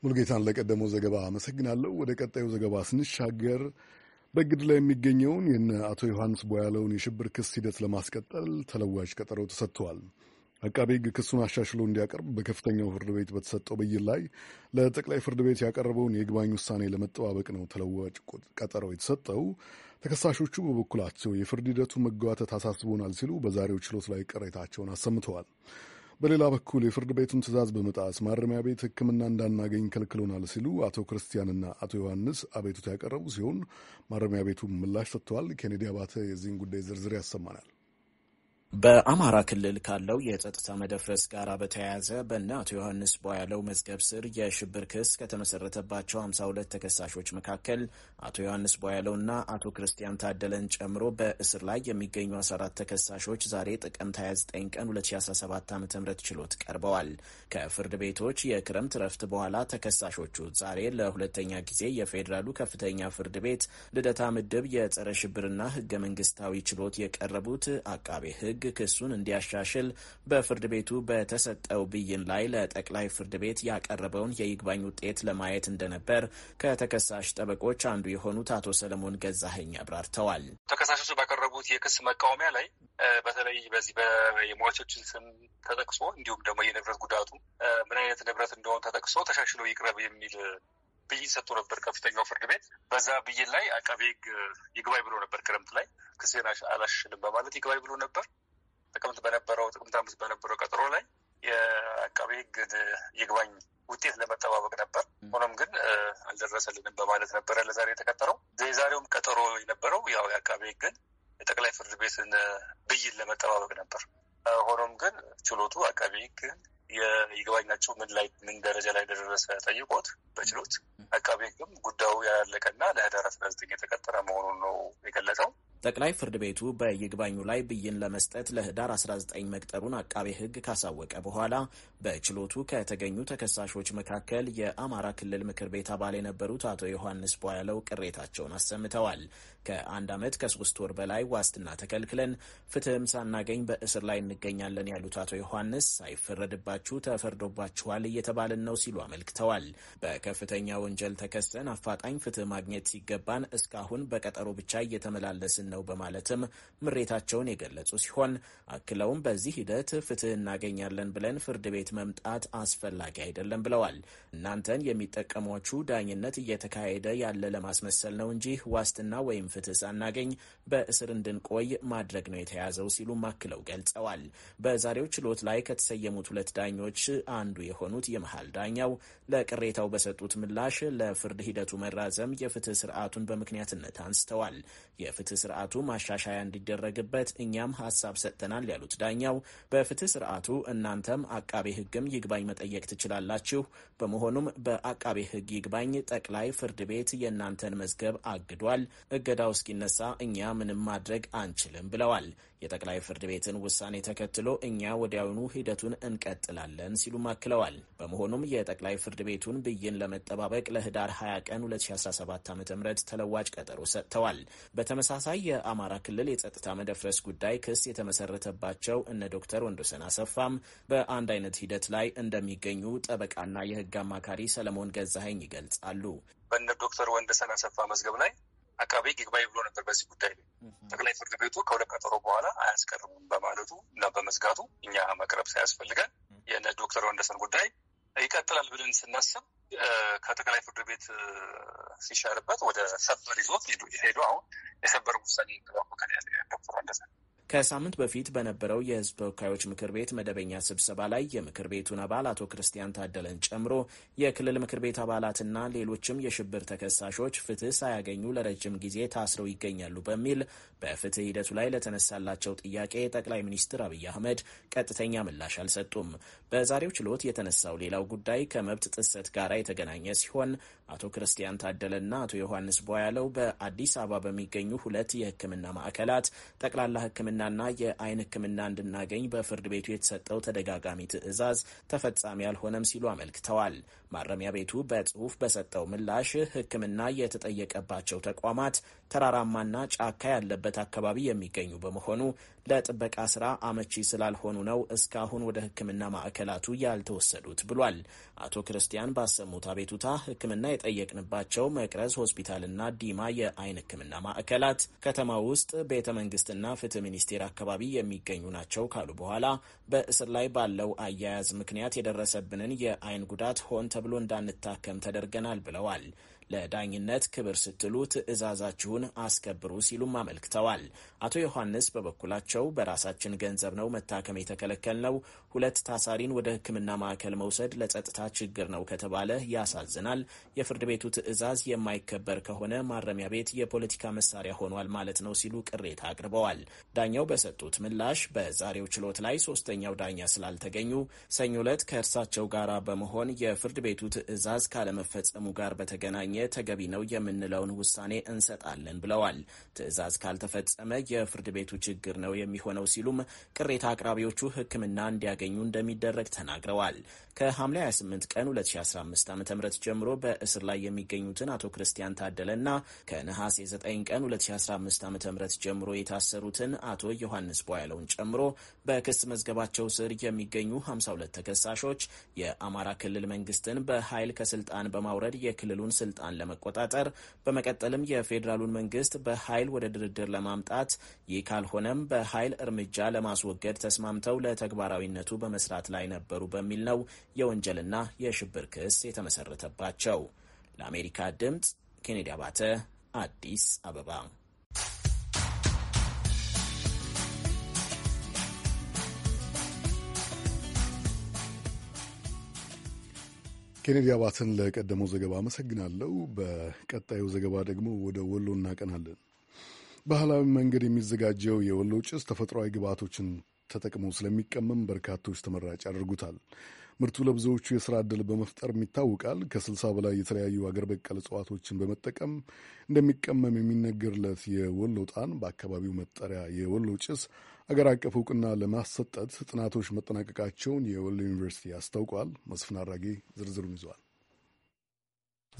ሙልጌታን ለቀደመው ዘገባ አመሰግናለሁ። ወደ ቀጣዩ ዘገባ ስንሻገር በእግድ ላይ የሚገኘውን የነ አቶ ዮሐንስ ቦያለውን የሽብር ክስ ሂደት ለማስቀጠል ተለዋጭ ቀጠሮ ተሰጥተዋል። አቃቤ ሕግ ክሱን አሻሽሎ እንዲያቀርብ በከፍተኛው ፍርድ ቤት በተሰጠው ብይን ላይ ለጠቅላይ ፍርድ ቤት ያቀረበውን የይግባኝ ውሳኔ ለመጠባበቅ ነው ተለዋጭ ቀጠሮ የተሰጠው። ተከሳሾቹ በበኩላቸው የፍርድ ሂደቱ መጓተት አሳስቦናል ሲሉ በዛሬው ችሎት ላይ ቅሬታቸውን አሰምተዋል። በሌላ በኩል የፍርድ ቤቱን ትዕዛዝ በመጣስ ማረሚያ ቤት ሕክምና እንዳናገኝ ከልክሎናል ሲሉ አቶ ክርስቲያንና አቶ ዮሐንስ አቤቱታ ያቀረቡ ሲሆን ማረሚያ ቤቱ ምላሽ ሰጥተዋል። ኬኔዲ አባተ የዚህን ጉዳይ ዝርዝር ያሰማናል። በአማራ ክልል ካለው የጸጥታ መደፍረስ ጋር በተያያዘ በእነ አቶ ዮሐንስ ቧያለው መዝገብ ስር የሽብር ክስ ከተመሰረተባቸው 52 ተከሳሾች መካከል አቶ ዮሐንስ ቧያለውና አቶ ክርስቲያን ታደለን ጨምሮ በእስር ላይ የሚገኙ 14 ተከሳሾች ዛሬ ጥቅምት 29 ቀን 2017 ዓ ም ችሎት ቀርበዋል። ከፍርድ ቤቶች የክረምት ረፍት በኋላ ተከሳሾቹ ዛሬ ለሁለተኛ ጊዜ የፌዴራሉ ከፍተኛ ፍርድ ቤት ልደታ ምድብ የጸረ ሽብርና ህገ መንግስታዊ ችሎት የቀረቡት አቃቤ ህግ ህግ ክሱን እንዲያሻሽል በፍርድ ቤቱ በተሰጠው ብይን ላይ ለጠቅላይ ፍርድ ቤት ያቀረበውን የይግባኝ ውጤት ለማየት እንደነበር ከተከሳሽ ጠበቆች አንዱ የሆኑት አቶ ሰለሞን ገዛኸኝ አብራርተዋል። ተከሳሾቹ ባቀረቡት የክስ መቃወሚያ ላይ በተለይ በዚህ የሟቾችን ስም ተጠቅሶ እንዲሁም ደግሞ የንብረት ጉዳቱ ምን አይነት ንብረት እንደሆነ ተጠቅሶ ተሻሽሎ ይቅረብ የሚል ብይን ሰጥቶ ነበር ከፍተኛው ፍርድ ቤት። በዛ ብይን ላይ አቃቤ ህግ ይግባኝ ብሎ ነበር። ክረምት ላይ ክሴን አላሽልም በማለት ይግባኝ ብሎ ነበር። ጥቅምት በነበረው ጥቅምት አምስት በነበረው ቀጠሮ ላይ የአቃቤ ሕግ ይግባኝ ውጤት ለመጠባበቅ ነበር። ሆኖም ግን አልደረሰልንም በማለት ነበረ ለዛሬ የተቀጠረው። የዛሬውም ቀጠሮ የነበረው ያው የአቃቤ ሕግን የጠቅላይ ፍርድ ቤትን ብይን ለመጠባበቅ ነበር። ሆኖም ግን ችሎቱ አቃቤ ሕግ የይግባኛቸው ምን ላይ ምን ደረጃ ላይ ደረሰ ጠይቆት በችሎት አቃቤ ሕግም ጉዳዩ ያላለቀና ለህዳር አስራ ዘጠኝ የተቀጠረ መሆኑን ነው የገለጸው። ጠቅላይ ፍርድ ቤቱ በይግባኙ ላይ ብይን ለመስጠት ለህዳር 19 መቅጠሩን አቃቤ ሕግ ካሳወቀ በኋላ በችሎቱ ከተገኙ ተከሳሾች መካከል የአማራ ክልል ምክር ቤት አባል የነበሩት አቶ ዮሐንስ ቧያለው ቅሬታቸውን አሰምተዋል። ከአንድ ዓመት ከሶስት ወር በላይ ዋስትና ተከልክለን ፍትህም ሳናገኝ በእስር ላይ እንገኛለን ያሉት አቶ ዮሐንስ ሳይፈረድባችሁ ተፈርዶባችኋል እየተባልን ነው ሲሉ አመልክተዋል። በከፍተኛ ወንጀል ተከሰን አፋጣኝ ፍትህ ማግኘት ሲገባን እስካሁን በቀጠሮ ብቻ እየተመላለስን ነው በማለትም ምሬታቸውን የገለጹ ሲሆን አክለውም በዚህ ሂደት ፍትህ እናገኛለን ብለን ፍርድ ቤት መምጣት አስፈላጊ አይደለም ብለዋል። እናንተን የሚጠቀሟችሁ ዳኝነት እየተካሄደ ያለ ለማስመሰል ነው እንጂ ዋስትና ወይም ፍትህ ሳናገኝ በእስር እንድንቆይ ማድረግ ነው የተያዘው ሲሉም አክለው ገልጸዋል። በዛሬው ችሎት ላይ ከተሰየሙት ሁለት ዳኞች አንዱ የሆኑት የመሃል ዳኛው ለቅሬታው በሰጡት ምላሽ ለፍርድ ሂደቱ መራዘም የፍትህ ስርዓቱን በምክንያትነት አንስተዋል። የፍትህ ስርዓቱ ማሻሻያ እንዲደረግበት እኛም ሀሳብ ሰጥተናል ያሉት ዳኛው በፍትህ ስርዓቱ እናንተም አቃቤ ህግም ይግባኝ መጠየቅ ትችላላችሁ። በመሆኑም በአቃቤ ህግ ይግባኝ ጠቅላይ ፍርድ ቤት የእናንተን መዝገብ አግዷል። እገዳው እስኪነሳ እኛ ምንም ማድረግ አንችልም ብለዋል። የጠቅላይ ፍርድ ቤትን ውሳኔ ተከትሎ እኛ ወዲያውኑ ሂደቱን እንቀጥላለን ሲሉም አክለዋል። በመሆኑም የጠቅላይ ፍርድ ቤቱን ብይን ለመጠባበቅ ለህዳር 20 ቀን 2017 ዓ ም ተለዋጭ ቀጠሮ ሰጥተዋል። በተመሳሳይ የአማራ ክልል የጸጥታ መደፍረስ ጉዳይ ክስ የተመሰረተባቸው እነ ዶክተር ወንዶሰን አሰፋም በአንድ አይነት ሂደት ላይ እንደሚገኙ ጠበቃና የህግ አማካሪ ሰለሞን ገዛኸኝ ይገልጻሉ። በእነ ዶክተር ወንደሰን አሰፋ መዝገብ ላይ አቃቤ ይግባኝ ብሎ ነበር። በዚህ ጉዳይ ላይ ጠቅላይ ፍርድ ቤቱ ከሁለት ቀጠሮ በኋላ አያስቀርቡም በማለቱ እና በመዝጋቱ እኛ መቅረብ ሳያስፈልገን የነ ዶክተር ወንደሰን ጉዳይ ይቀጥላል ብለን ስናስብ ከጠቅላይ ፍርድ ቤት ሲሻርበት ወደ ሰበር ይዞት ሄዶ አሁን የሰበር ውሳኔ ያለ ዶክተር ወንደሰን ከሳምንት በፊት በነበረው የህዝብ ተወካዮች ምክር ቤት መደበኛ ስብሰባ ላይ የምክር ቤቱን አባል አቶ ክርስቲያን ታደለን ጨምሮ የክልል ምክር ቤት አባላትና ሌሎችም የሽብር ተከሳሾች ፍትህ ሳያገኙ ለረጅም ጊዜ ታስረው ይገኛሉ በሚል በፍትህ ሂደቱ ላይ ለተነሳላቸው ጥያቄ ጠቅላይ ሚኒስትር አብይ አህመድ ቀጥተኛ ምላሽ አልሰጡም። በዛሬው ችሎት የተነሳው ሌላው ጉዳይ ከመብት ጥሰት ጋር የተገናኘ ሲሆን አቶ ክርስቲያን ታደለና አቶ ዮሐንስ ቧያለው በአዲስ አበባ በሚገኙ ሁለት የህክምና ማዕከላት ጠቅላላ ህክምና ሕክምናና የአይን ሕክምና እንድናገኝ በፍርድ ቤቱ የተሰጠው ተደጋጋሚ ትዕዛዝ ተፈጻሚ አልሆነም ሲሉ አመልክተዋል። ማረሚያ ቤቱ በጽሁፍ በሰጠው ምላሽ ሕክምና የተጠየቀባቸው ተቋማት ተራራማና ጫካ ያለበት አካባቢ የሚገኙ በመሆኑ ለጥበቃ ስራ አመቺ ስላልሆኑ ነው እስካሁን ወደ ሕክምና ማዕከላቱ ያልተወሰዱት ብሏል። አቶ ክርስቲያን ባሰሙት አቤቱታ ሕክምና የጠየቅንባቸው መቅረዝ ሆስፒታልና ዲማ የአይን ሕክምና ማዕከላት ከተማ ውስጥ ቤተ መንግስትና ፍትህ ሚኒስቴር አካባቢ የሚገኙ ናቸው ካሉ በኋላ በእስር ላይ ባለው አያያዝ ምክንያት የደረሰብንን የአይን ጉዳት ሆን ተብሎ እንዳንታከም ተደርገናል ብለዋል። ለዳኝነት ክብር ስትሉ ትዕዛዛችሁን አስከብሩ ሲሉም አመልክተዋል። አቶ ዮሐንስ በበኩላቸው በራሳችን ገንዘብ ነው መታከም የተከለከል ነው። ሁለት ታሳሪን ወደ ሕክምና ማዕከል መውሰድ ለጸጥታ ችግር ነው ከተባለ ያሳዝናል። የፍርድ ቤቱ ትዕዛዝ የማይከበር ከሆነ ማረሚያ ቤት የፖለቲካ መሳሪያ ሆኗል ማለት ነው ሲሉ ቅሬታ አቅርበዋል። ዳኛው በሰጡት ምላሽ በዛሬው ችሎት ላይ ሶስተኛው ዳኛ ስላልተገኙ ሰኞ ዕለት ከእርሳቸው ጋር በመሆን የፍርድ ቤቱ ትዕዛዝ ካለመፈጸሙ ጋር በተገናኘ ተገቢ ነው የምንለውን ውሳኔ እንሰጣለን ብለዋል። ትዕዛዝ ካልተፈጸመ የፍርድ ቤቱ ችግር ነው የሚሆነው ሲሉም ቅሬታ አቅራቢዎቹ ሕክምና እንዲያገኙ እንደሚደረግ ተናግረዋል። ከሐምሌ 28 ቀን 2015 ዓ ም ጀምሮ በእስር ላይ የሚገኙትን አቶ ክርስቲያን ታደለና ከነሐሴ 9 ቀን 2015 ዓ ም ጀምሮ የታሰሩትን አቶ ዮሐንስ ቧያለውን ጨምሮ በክስ መዝገባቸው ስር የሚገኙ 52 ተከሳሾች የአማራ ክልል መንግስትን በኃይል ከስልጣን በማውረድ የክልሉን ስልጣን ለመቆጣጠር በመቀጠልም የፌዴራሉን መንግስት በኃይል ወደ ድርድር ለማምጣት ይህ ካልሆነም በኃይል እርምጃ ለማስወገድ ተስማምተው ለተግባራዊነቱ በመስራት ላይ ነበሩ በሚል ነው የወንጀልና የሽብር ክስ የተመሰረተባቸው። ለአሜሪካ ድምፅ ኬኔዲ አባተ አዲስ አበባ። ኬኔዲ አባትን ለቀደመው ዘገባ አመሰግናለሁ። በቀጣዩ ዘገባ ደግሞ ወደ ወሎ እናቀናለን። ባህላዊ መንገድ የሚዘጋጀው የወሎ ጭስ ተፈጥሯዊ ግብዓቶችን ተጠቅሞ ስለሚቀመም በርካቶች ተመራጭ አድርጉታል። ምርቱ ለብዙዎቹ የስራ ዕድል በመፍጠርም ይታወቃል። በላይ የተለያዩ አገር በቀል እጽዋቶችን በመጠቀም እንደሚቀመም የሚነገርለት የወሎ ጣን በአካባቢው መጠሪያ የወሎ ጭስ አገር አቀፍ እውቅና ለማሰጠት ጥናቶች መጠናቀቃቸውን የወሎ ዩኒቨርሲቲ አስታውቋል። መስፍን አራጌ ዝርዝሩን ይዘዋል።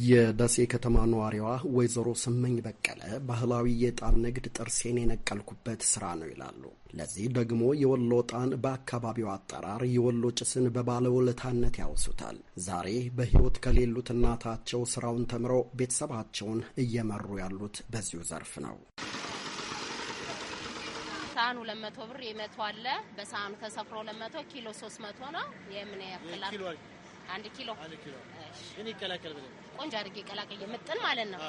የደሴ ከተማ ነዋሪዋ ወይዘሮ ስመኝ በቀለ ባህላዊ የጣን ንግድ ጥርሴን የነቀልኩበት ስራ ነው ይላሉ። ለዚህ ደግሞ የወሎ ጣን በአካባቢው አጠራር የወሎ ጭስን በባለውለታነት ያውሱታል። ዛሬ በህይወት ከሌሉት እናታቸው ስራውን ተምረው ቤተሰባቸውን እየመሩ ያሉት በዚሁ ዘርፍ ነው። ሳህኑ ለመቶ ብር የመቶ አለ። በሳህኑ ተሰፍሮ ለመቶ ኪሎ ሶስት መቶ ነው። የምን ያክላል? አንድ ኪሎ ምን ይቀላቀል ብለን ቆንጆ አድርጌ ቀላቀየ ምጥን ማለት ነው።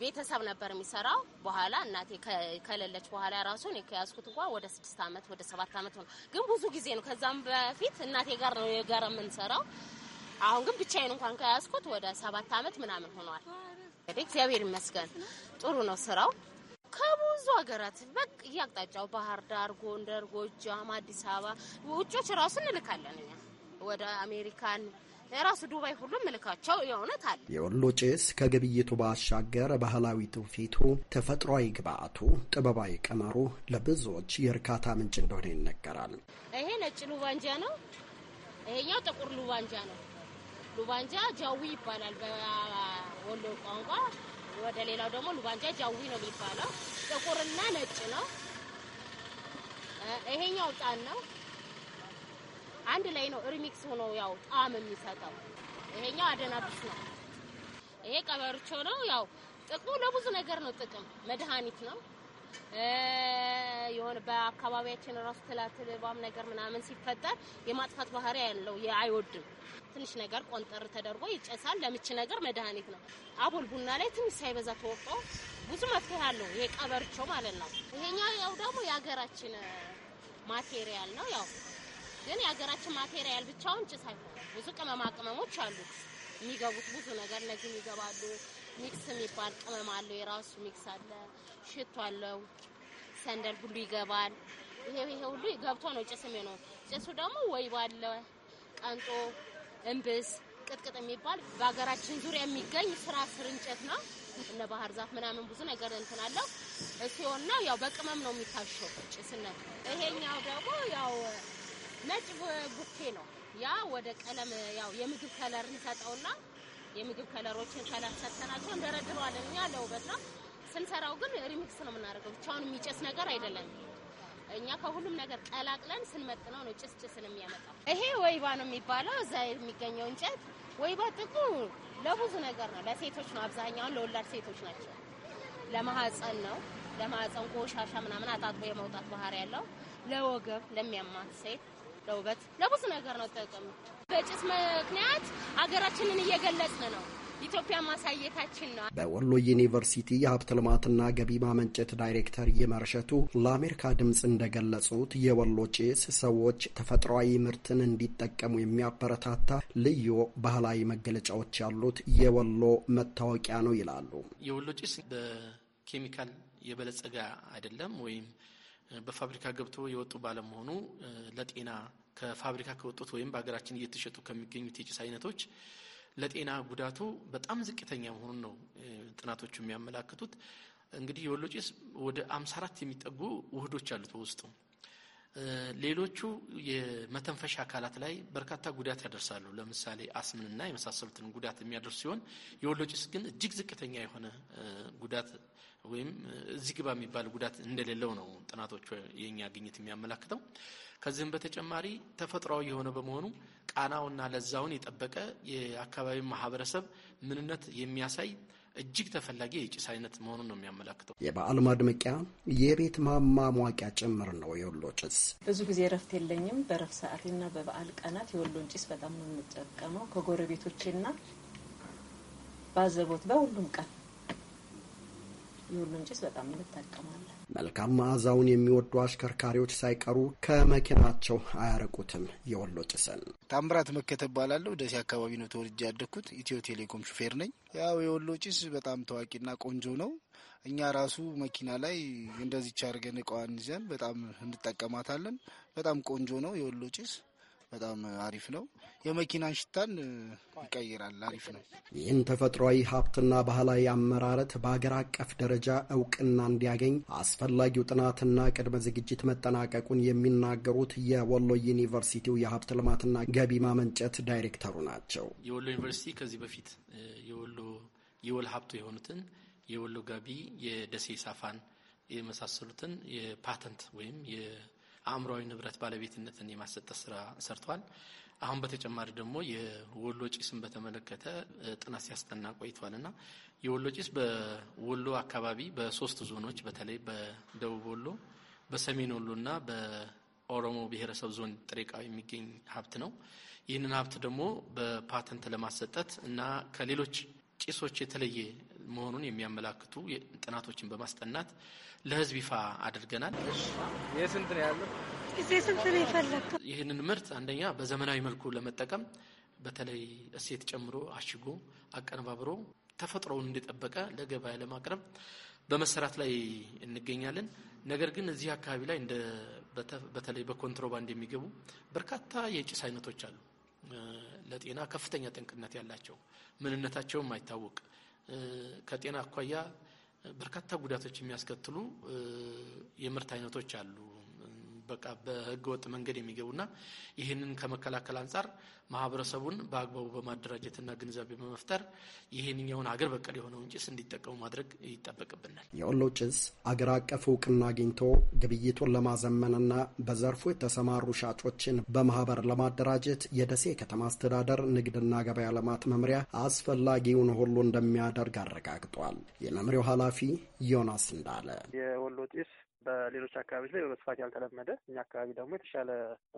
ቤተሰብ ነበር የሚሰራው። በኋላ እናቴ ከሌለች በኋላ ራሱ እኔ ከያዝኩት እንኳ ወደ ስድስት ዓመት ወደ ሰባት አመት ሆነ፣ ግን ብዙ ጊዜ ነው። ከዛም በፊት እናቴ ጋር ነው የጋራ የምንሰራው። አሁን ግን ብቻዬን እንኳን ከያዝኩት ወደ ሰባት አመት ምናምን ሆኗል። እግዚአብሔር ይመስገን ጥሩ ነው ስራው። ከብዙ ሀገራት በቃ እያቅጣጫው ባህር ዳር፣ ጎንደር፣ ጎጃም፣ አዲስ አበባ ውጮች ራሱ እንልካለን እኛ ወደ አሜሪካን የራሱ ዱባይ ሁሉ ምልካቸው የእውነት አለ። የወሎ ጭስ ከግብይቱ ባሻገር ባህላዊ ትውፊቱ፣ ተፈጥሯዊ ግብአቱ፣ ጥበባዊ ቀመሩ ለብዙዎች የእርካታ ምንጭ እንደሆነ ይነገራል። ይሄ ነጭ ሉባንጃ ነው። ይሄኛው ጥቁር ሉባንጃ ነው። ሉባንጃ ጃዊ ይባላል በወሎ ቋንቋ። ወደ ሌላው ደግሞ ሉባንጃ ጃዊ ነው የሚባለው። ጥቁርና ነጭ ነው። ይሄኛው ጣን ነው። አንድ ላይ ነው ሪሚክስ ሆኖ ያው ጣም የሚሰጠው። ይሄኛው አደናብሽ ነው። ይሄ ቀበርቾ ነው። ያው ጥቅሙ ለብዙ ነገር ነው። ጥቅም መድኃኒት ነው። የሆነ በአካባቢያችን ራሱ ትላትል ባም ነገር ምናምን ሲፈጠር የማጥፋት ባህሪ ያለው አይወድም። ትንሽ ነገር ቆንጠር ተደርጎ ይጨሳል። ለምች ነገር መድኃኒት ነው። አቦል ቡና ላይ ትንሽ ሳይበዛ ተወቅጦ ብዙ መፍትሄ አለው። ይሄ ቀበርቾ ማለት ነው። ይሄኛው ያው ደግሞ የሀገራችን ማቴሪያል ነው። ያው ግን የሀገራችን ማቴሪያል ብቻውን ጭስ አይሆንም። ብዙ ቅመማ ቅመሞች አሉት የሚገቡት ብዙ ነገር እነዚህ ይገባሉ። ሚክስ የሚባል ቅመም አለው። የራሱ ሚክስ አለ፣ ሽቱ አለው፣ ሰንደል ሁሉ ይገባል። ይሄ ይሄ ሁሉ ገብቶ ነው ጭስ የሚሆነው። ጭሱ ደግሞ ወይ ባለ ቀንጦ እንብስ፣ ቅጥቅጥ የሚባል በሀገራችን ዙሪያ የሚገኝ ፍራፍር እንጨት ነው። እነ ባህር ዛፍ ምናምን ብዙ ነገር እንትን አለው። እሱ የሆነ ያው በቅመም ነው የሚታሸው ጭስነት። ይሄኛው ደግሞ ያው ነጭ ቡኬ ነው። ያ ወደ ቀለም ያው የምግብ ከለር እንሰጠውና የምግብ ከለሮችን ከለር ሰጥተናቸው እንደረድረዋለን እኛ ለውበት ነው። ስንሰራው ግን ሪሚክስ ነው የምናደርገው። ብቻውን የሚጨስ ነገር አይደለም። እኛ ከሁሉም ነገር ቀላቅለን ስንመጥነው ነው ጭስ ጭስን የሚያመጣው። ይሄ ወይባ ነው የሚባለው እዛ የሚገኘው እንጨት። ወይባ ጥቅሙ ለብዙ ነገር ነው። ለሴቶች ነው፣ አብዛኛውን ለወላድ ሴቶች ናቸው። ለማህፀን ነው። ለማህፀን ቆሻሻ ምናምን አጣጥቦ የመውጣት ባህሪ ያለው፣ ለወገብ ለሚያማት ሴት ለውበት፣ ለብዙ ነገር ነው ጥቅም። በጭስ ምክንያት ሀገራችንን እየገለጽን ነው ኢትዮጵያ ማሳየታችን ነው። በወሎ ዩኒቨርሲቲ የሀብት ልማትና ገቢ ማመንጨት ዳይሬክተር ይመርሸቱ ለአሜሪካ ድምፅ እንደገለጹት የወሎ ጭስ ሰዎች ተፈጥሯዊ ምርትን እንዲጠቀሙ የሚያበረታታ ልዩ ባህላዊ መገለጫዎች ያሉት የወሎ መታወቂያ ነው ይላሉ። የወሎ ጭስ በኬሚካል የበለጸገ አይደለም ወይም በፋብሪካ ገብቶ የወጡ ባለመሆኑ ለጤና ከፋብሪካ ከወጡት ወይም በሀገራችን እየተሸጡ ከሚገኙት የጭስ አይነቶች ለጤና ጉዳቱ በጣም ዝቅተኛ መሆኑን ነው ጥናቶቹ የሚያመላክቱት። እንግዲህ የወሎ ጭስ ወደ 54 የሚጠጉ ውህዶች አሉት በውስጡ። ሌሎቹ የመተንፈሻ አካላት ላይ በርካታ ጉዳት ያደርሳሉ። ለምሳሌ አስምንና የመሳሰሉትን ጉዳት የሚያደርሱ ሲሆን የወሎ ጭስ ግን እጅግ ዝቅተኛ የሆነ ጉዳት ወይም እዚህ ግባ የሚባል ጉዳት እንደሌለው ነው ጥናቶች የኛ ግኝት የሚያመላክተው። ከዚህም በተጨማሪ ተፈጥሯዊ የሆነ በመሆኑ ቃናውና ለዛውን የጠበቀ የአካባቢ ማህበረሰብ ምንነት የሚያሳይ እጅግ ተፈላጊ የጭስ አይነት መሆኑን ነው የሚያመላክተው። የበዓል ማድመቂያ የቤት ማሟሟቂያ ጭምር ነው የወሎ ጭስ። ብዙ ጊዜ እረፍት የለኝም። በእረፍት ሰዓቴና በበዓል ቀናት የወሎን ጭስ በጣም ነው የምጠቀመው ከጎረቤቶቼና ባዘቦት በሁሉም ቀን ዩር መንጭስ በጣም እንጠቀማለን። መልካም መዓዛውን የሚወዱ አሽከርካሪዎች ሳይቀሩ ከመኪናቸው አያረቁትም። የወሎ ጭስን ታምራት መከተ እባላለሁ። ደሴ አካባቢ ነው ተወልጄ ያደግኩት። ኢትዮ ቴሌኮም ሹፌር ነኝ። ያው የወሎ ጭስ በጣም ታዋቂና ቆንጆ ነው። እኛ ራሱ መኪና ላይ እንደዚች አድርገን እቃዋን ይዘን በጣም እንጠቀማታለን። በጣም ቆንጆ ነው የወሎ ጭስ በጣም አሪፍ ነው። የመኪናን ሽታን ይቀይራል። አሪፍ ነው። ይህን ተፈጥሯዊ ሀብትና ባህላዊ አመራረት በሀገር አቀፍ ደረጃ እውቅና እንዲያገኝ አስፈላጊው ጥናትና ቅድመ ዝግጅት መጠናቀቁን የሚናገሩት የወሎ ዩኒቨርሲቲው የሀብት ልማትና ገቢ ማመንጨት ዳይሬክተሩ ናቸው። የወሎ ዩኒቨርሲቲ ከዚህ በፊት የወሎ የወል ሀብቱ የሆኑትን የወሎ ገቢ የደሴ ሳፋን የመሳሰሉትን የፓተንት ወይም አእምሯዊ ንብረት ባለቤትነትን የማሰጠት ስራ ሰርቷል። አሁን በተጨማሪ ደግሞ የወሎ ጭስን በተመለከተ ጥናት ሲያስጠና ቆይቷል እና የወሎ ጭስ በወሎ አካባቢ በሶስት ዞኖች በተለይ በደቡብ ወሎ፣ በሰሜን ወሎ እና በኦሮሞ ብሔረሰብ ዞን ጥሬቃ የሚገኝ ሀብት ነው። ይህንን ሀብት ደግሞ በፓተንት ለማሰጠት እና ከሌሎች ጭሶች የተለየ መሆኑን የሚያመላክቱ ጥናቶችን በማስጠናት ለህዝብ ይፋ አድርገናል። የስንት ነው ያለው? ጊዜ ስንት ነው የፈለግከው? ይህንን ምርት አንደኛ በዘመናዊ መልኩ ለመጠቀም በተለይ እሴት ጨምሮ አሽጎ አቀነባብሮ ተፈጥሮውን እንደጠበቀ ለገበያ ለማቅረብ በመሰራት ላይ እንገኛለን። ነገር ግን እዚህ አካባቢ ላይ በተለይ በኮንትሮባንድ የሚገቡ በርካታ የጭስ አይነቶች አሉ። ለጤና ከፍተኛ ጥንቅነት ያላቸው ምንነታቸውም አይታወቅ ከጤና አኳያ በርካታ ጉዳቶች የሚያስከትሉ የምርት አይነቶች አሉ። በቃ በህገወጥ መንገድ የሚገቡና ይህንን ከመከላከል አንጻር ማህበረሰቡን በአግባቡ በማደራጀትና ግንዛቤ በመፍጠር ይህንኛውን ሀገር በቀል የሆነውን ጭስ እንዲጠቀሙ ማድረግ ይጠበቅብናል። የወሎ ጭስ አገር አቀፍ እውቅና አግኝቶ ግብይቱን ለማዘመንና በዘርፉ የተሰማሩ ሻጮችን በማህበር ለማደራጀት የደሴ ከተማ አስተዳደር ንግድና ገበያ ልማት መምሪያ አስፈላጊውን ሁሉ እንደሚያደርግ አረጋግጧል። የመምሪያው ኃላፊ ዮናስ እንዳለ የወሎ ጢስ በሌሎች አካባቢዎች ላይ በመስፋት ያልተለመደ እኛ አካባቢ ደግሞ የተሻለ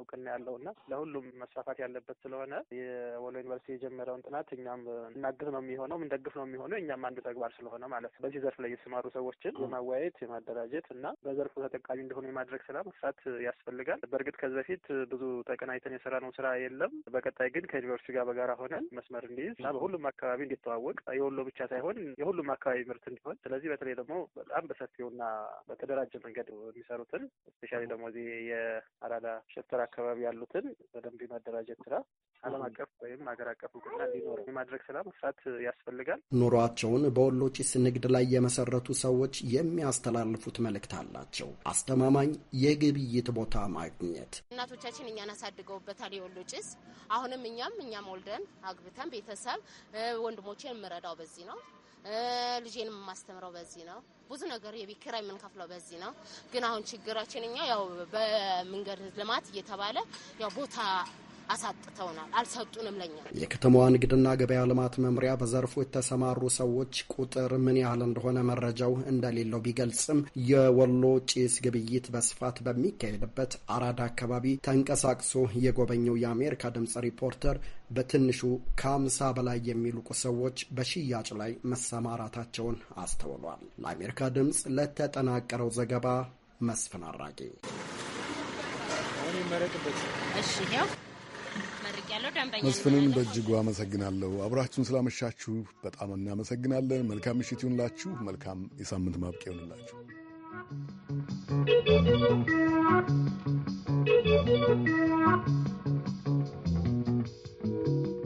እውቅና ያለውና ለሁሉም መስፋፋት ያለበት ስለሆነ የወሎ ዩኒቨርሲቲ የጀመረውን ጥናት እኛም እናግፍ ነው የሚሆነው ምንደግፍ ነው የሚሆነው እኛም አንዱ ተግባር ስለሆነ ማለት ነው። በዚህ ዘርፍ ላይ የተሰማሩ ሰዎችን የማወያየት የማደራጀት እና በዘርፉ ተጠቃሚ እንደሆኑ የማድረግ ስራ መስራት ያስፈልጋል። በእርግጥ ከዚህ በፊት ብዙ ተቀናይተን የሰራነው ነው ስራ የለም። በቀጣይ ግን ከዩኒቨርሲቲ ጋር በጋራ ሆነን መስመር እንዲይዝ እና በሁሉም አካባቢ እንዲተዋወቅ የወሎ ብቻ ሳይሆን የሁሉም አካባቢ ምርት እንዲሆን ስለዚህ በተለይ ደግሞ ደግሞ በጣም በሰፊውና በተደራጀ መንገድ የሚሰሩትን ስፔሻሊ ደግሞ እዚህ የአራዳ ሸፍተር አካባቢ ያሉትን በደንብ የማደራጀት ስራ ዓለም አቀፍ ወይም ሀገር አቀፍ እውቅና እንዲኖረው የማድረግ ስራ መስራት ያስፈልጋል። ኑሯቸውን በወሎ ጭስ ንግድ ላይ የመሰረቱ ሰዎች የሚያስተላልፉት መልእክት አላቸው። አስተማማኝ የግብይት ቦታ ማግኘት እናቶቻችን እኛን አሳድገውበታል። የወሎ ጭስ አሁንም እኛም እኛም ወልደን አግብተን ቤተሰብ ወንድሞቼ የምረዳው በዚህ ነው። ልጄንም የማስተምረው በዚህ ነው። ብዙ ነገር የቤት ኪራይ የምንከፍለው በዚህ ነው። ግን አሁን ችግራችን እኛ ያው በመንገድ ልማት እየተባለ ያው ቦታ አሳጥተውናል፣ አልሰጡንም ለኛ። የከተማዋ ንግድና ገበያ ልማት መምሪያ በዘርፉ የተሰማሩ ሰዎች ቁጥር ምን ያህል እንደሆነ መረጃው እንደሌለው ቢገልጽም የወሎ ጭስ ግብይት በስፋት በሚካሄድበት አራዳ አካባቢ ተንቀሳቅሶ የጎበኘው የአሜሪካ ድምጽ ሪፖርተር በትንሹ ከአምሳ በላይ የሚልቁ ሰዎች በሽያጭ ላይ መሰማራታቸውን አስተውሏል። ለአሜሪካ ድምፅ ለተጠናቀረው ዘገባ መስፍን አራጌ መስፍንን በእጅጉ አመሰግናለሁ። አብራችሁን ስላመሻችሁ በጣም እናመሰግናለን። መልካም ምሽት ይሁንላችሁ። መልካም የሳምንት ማብቂያ ይሁንላችሁ።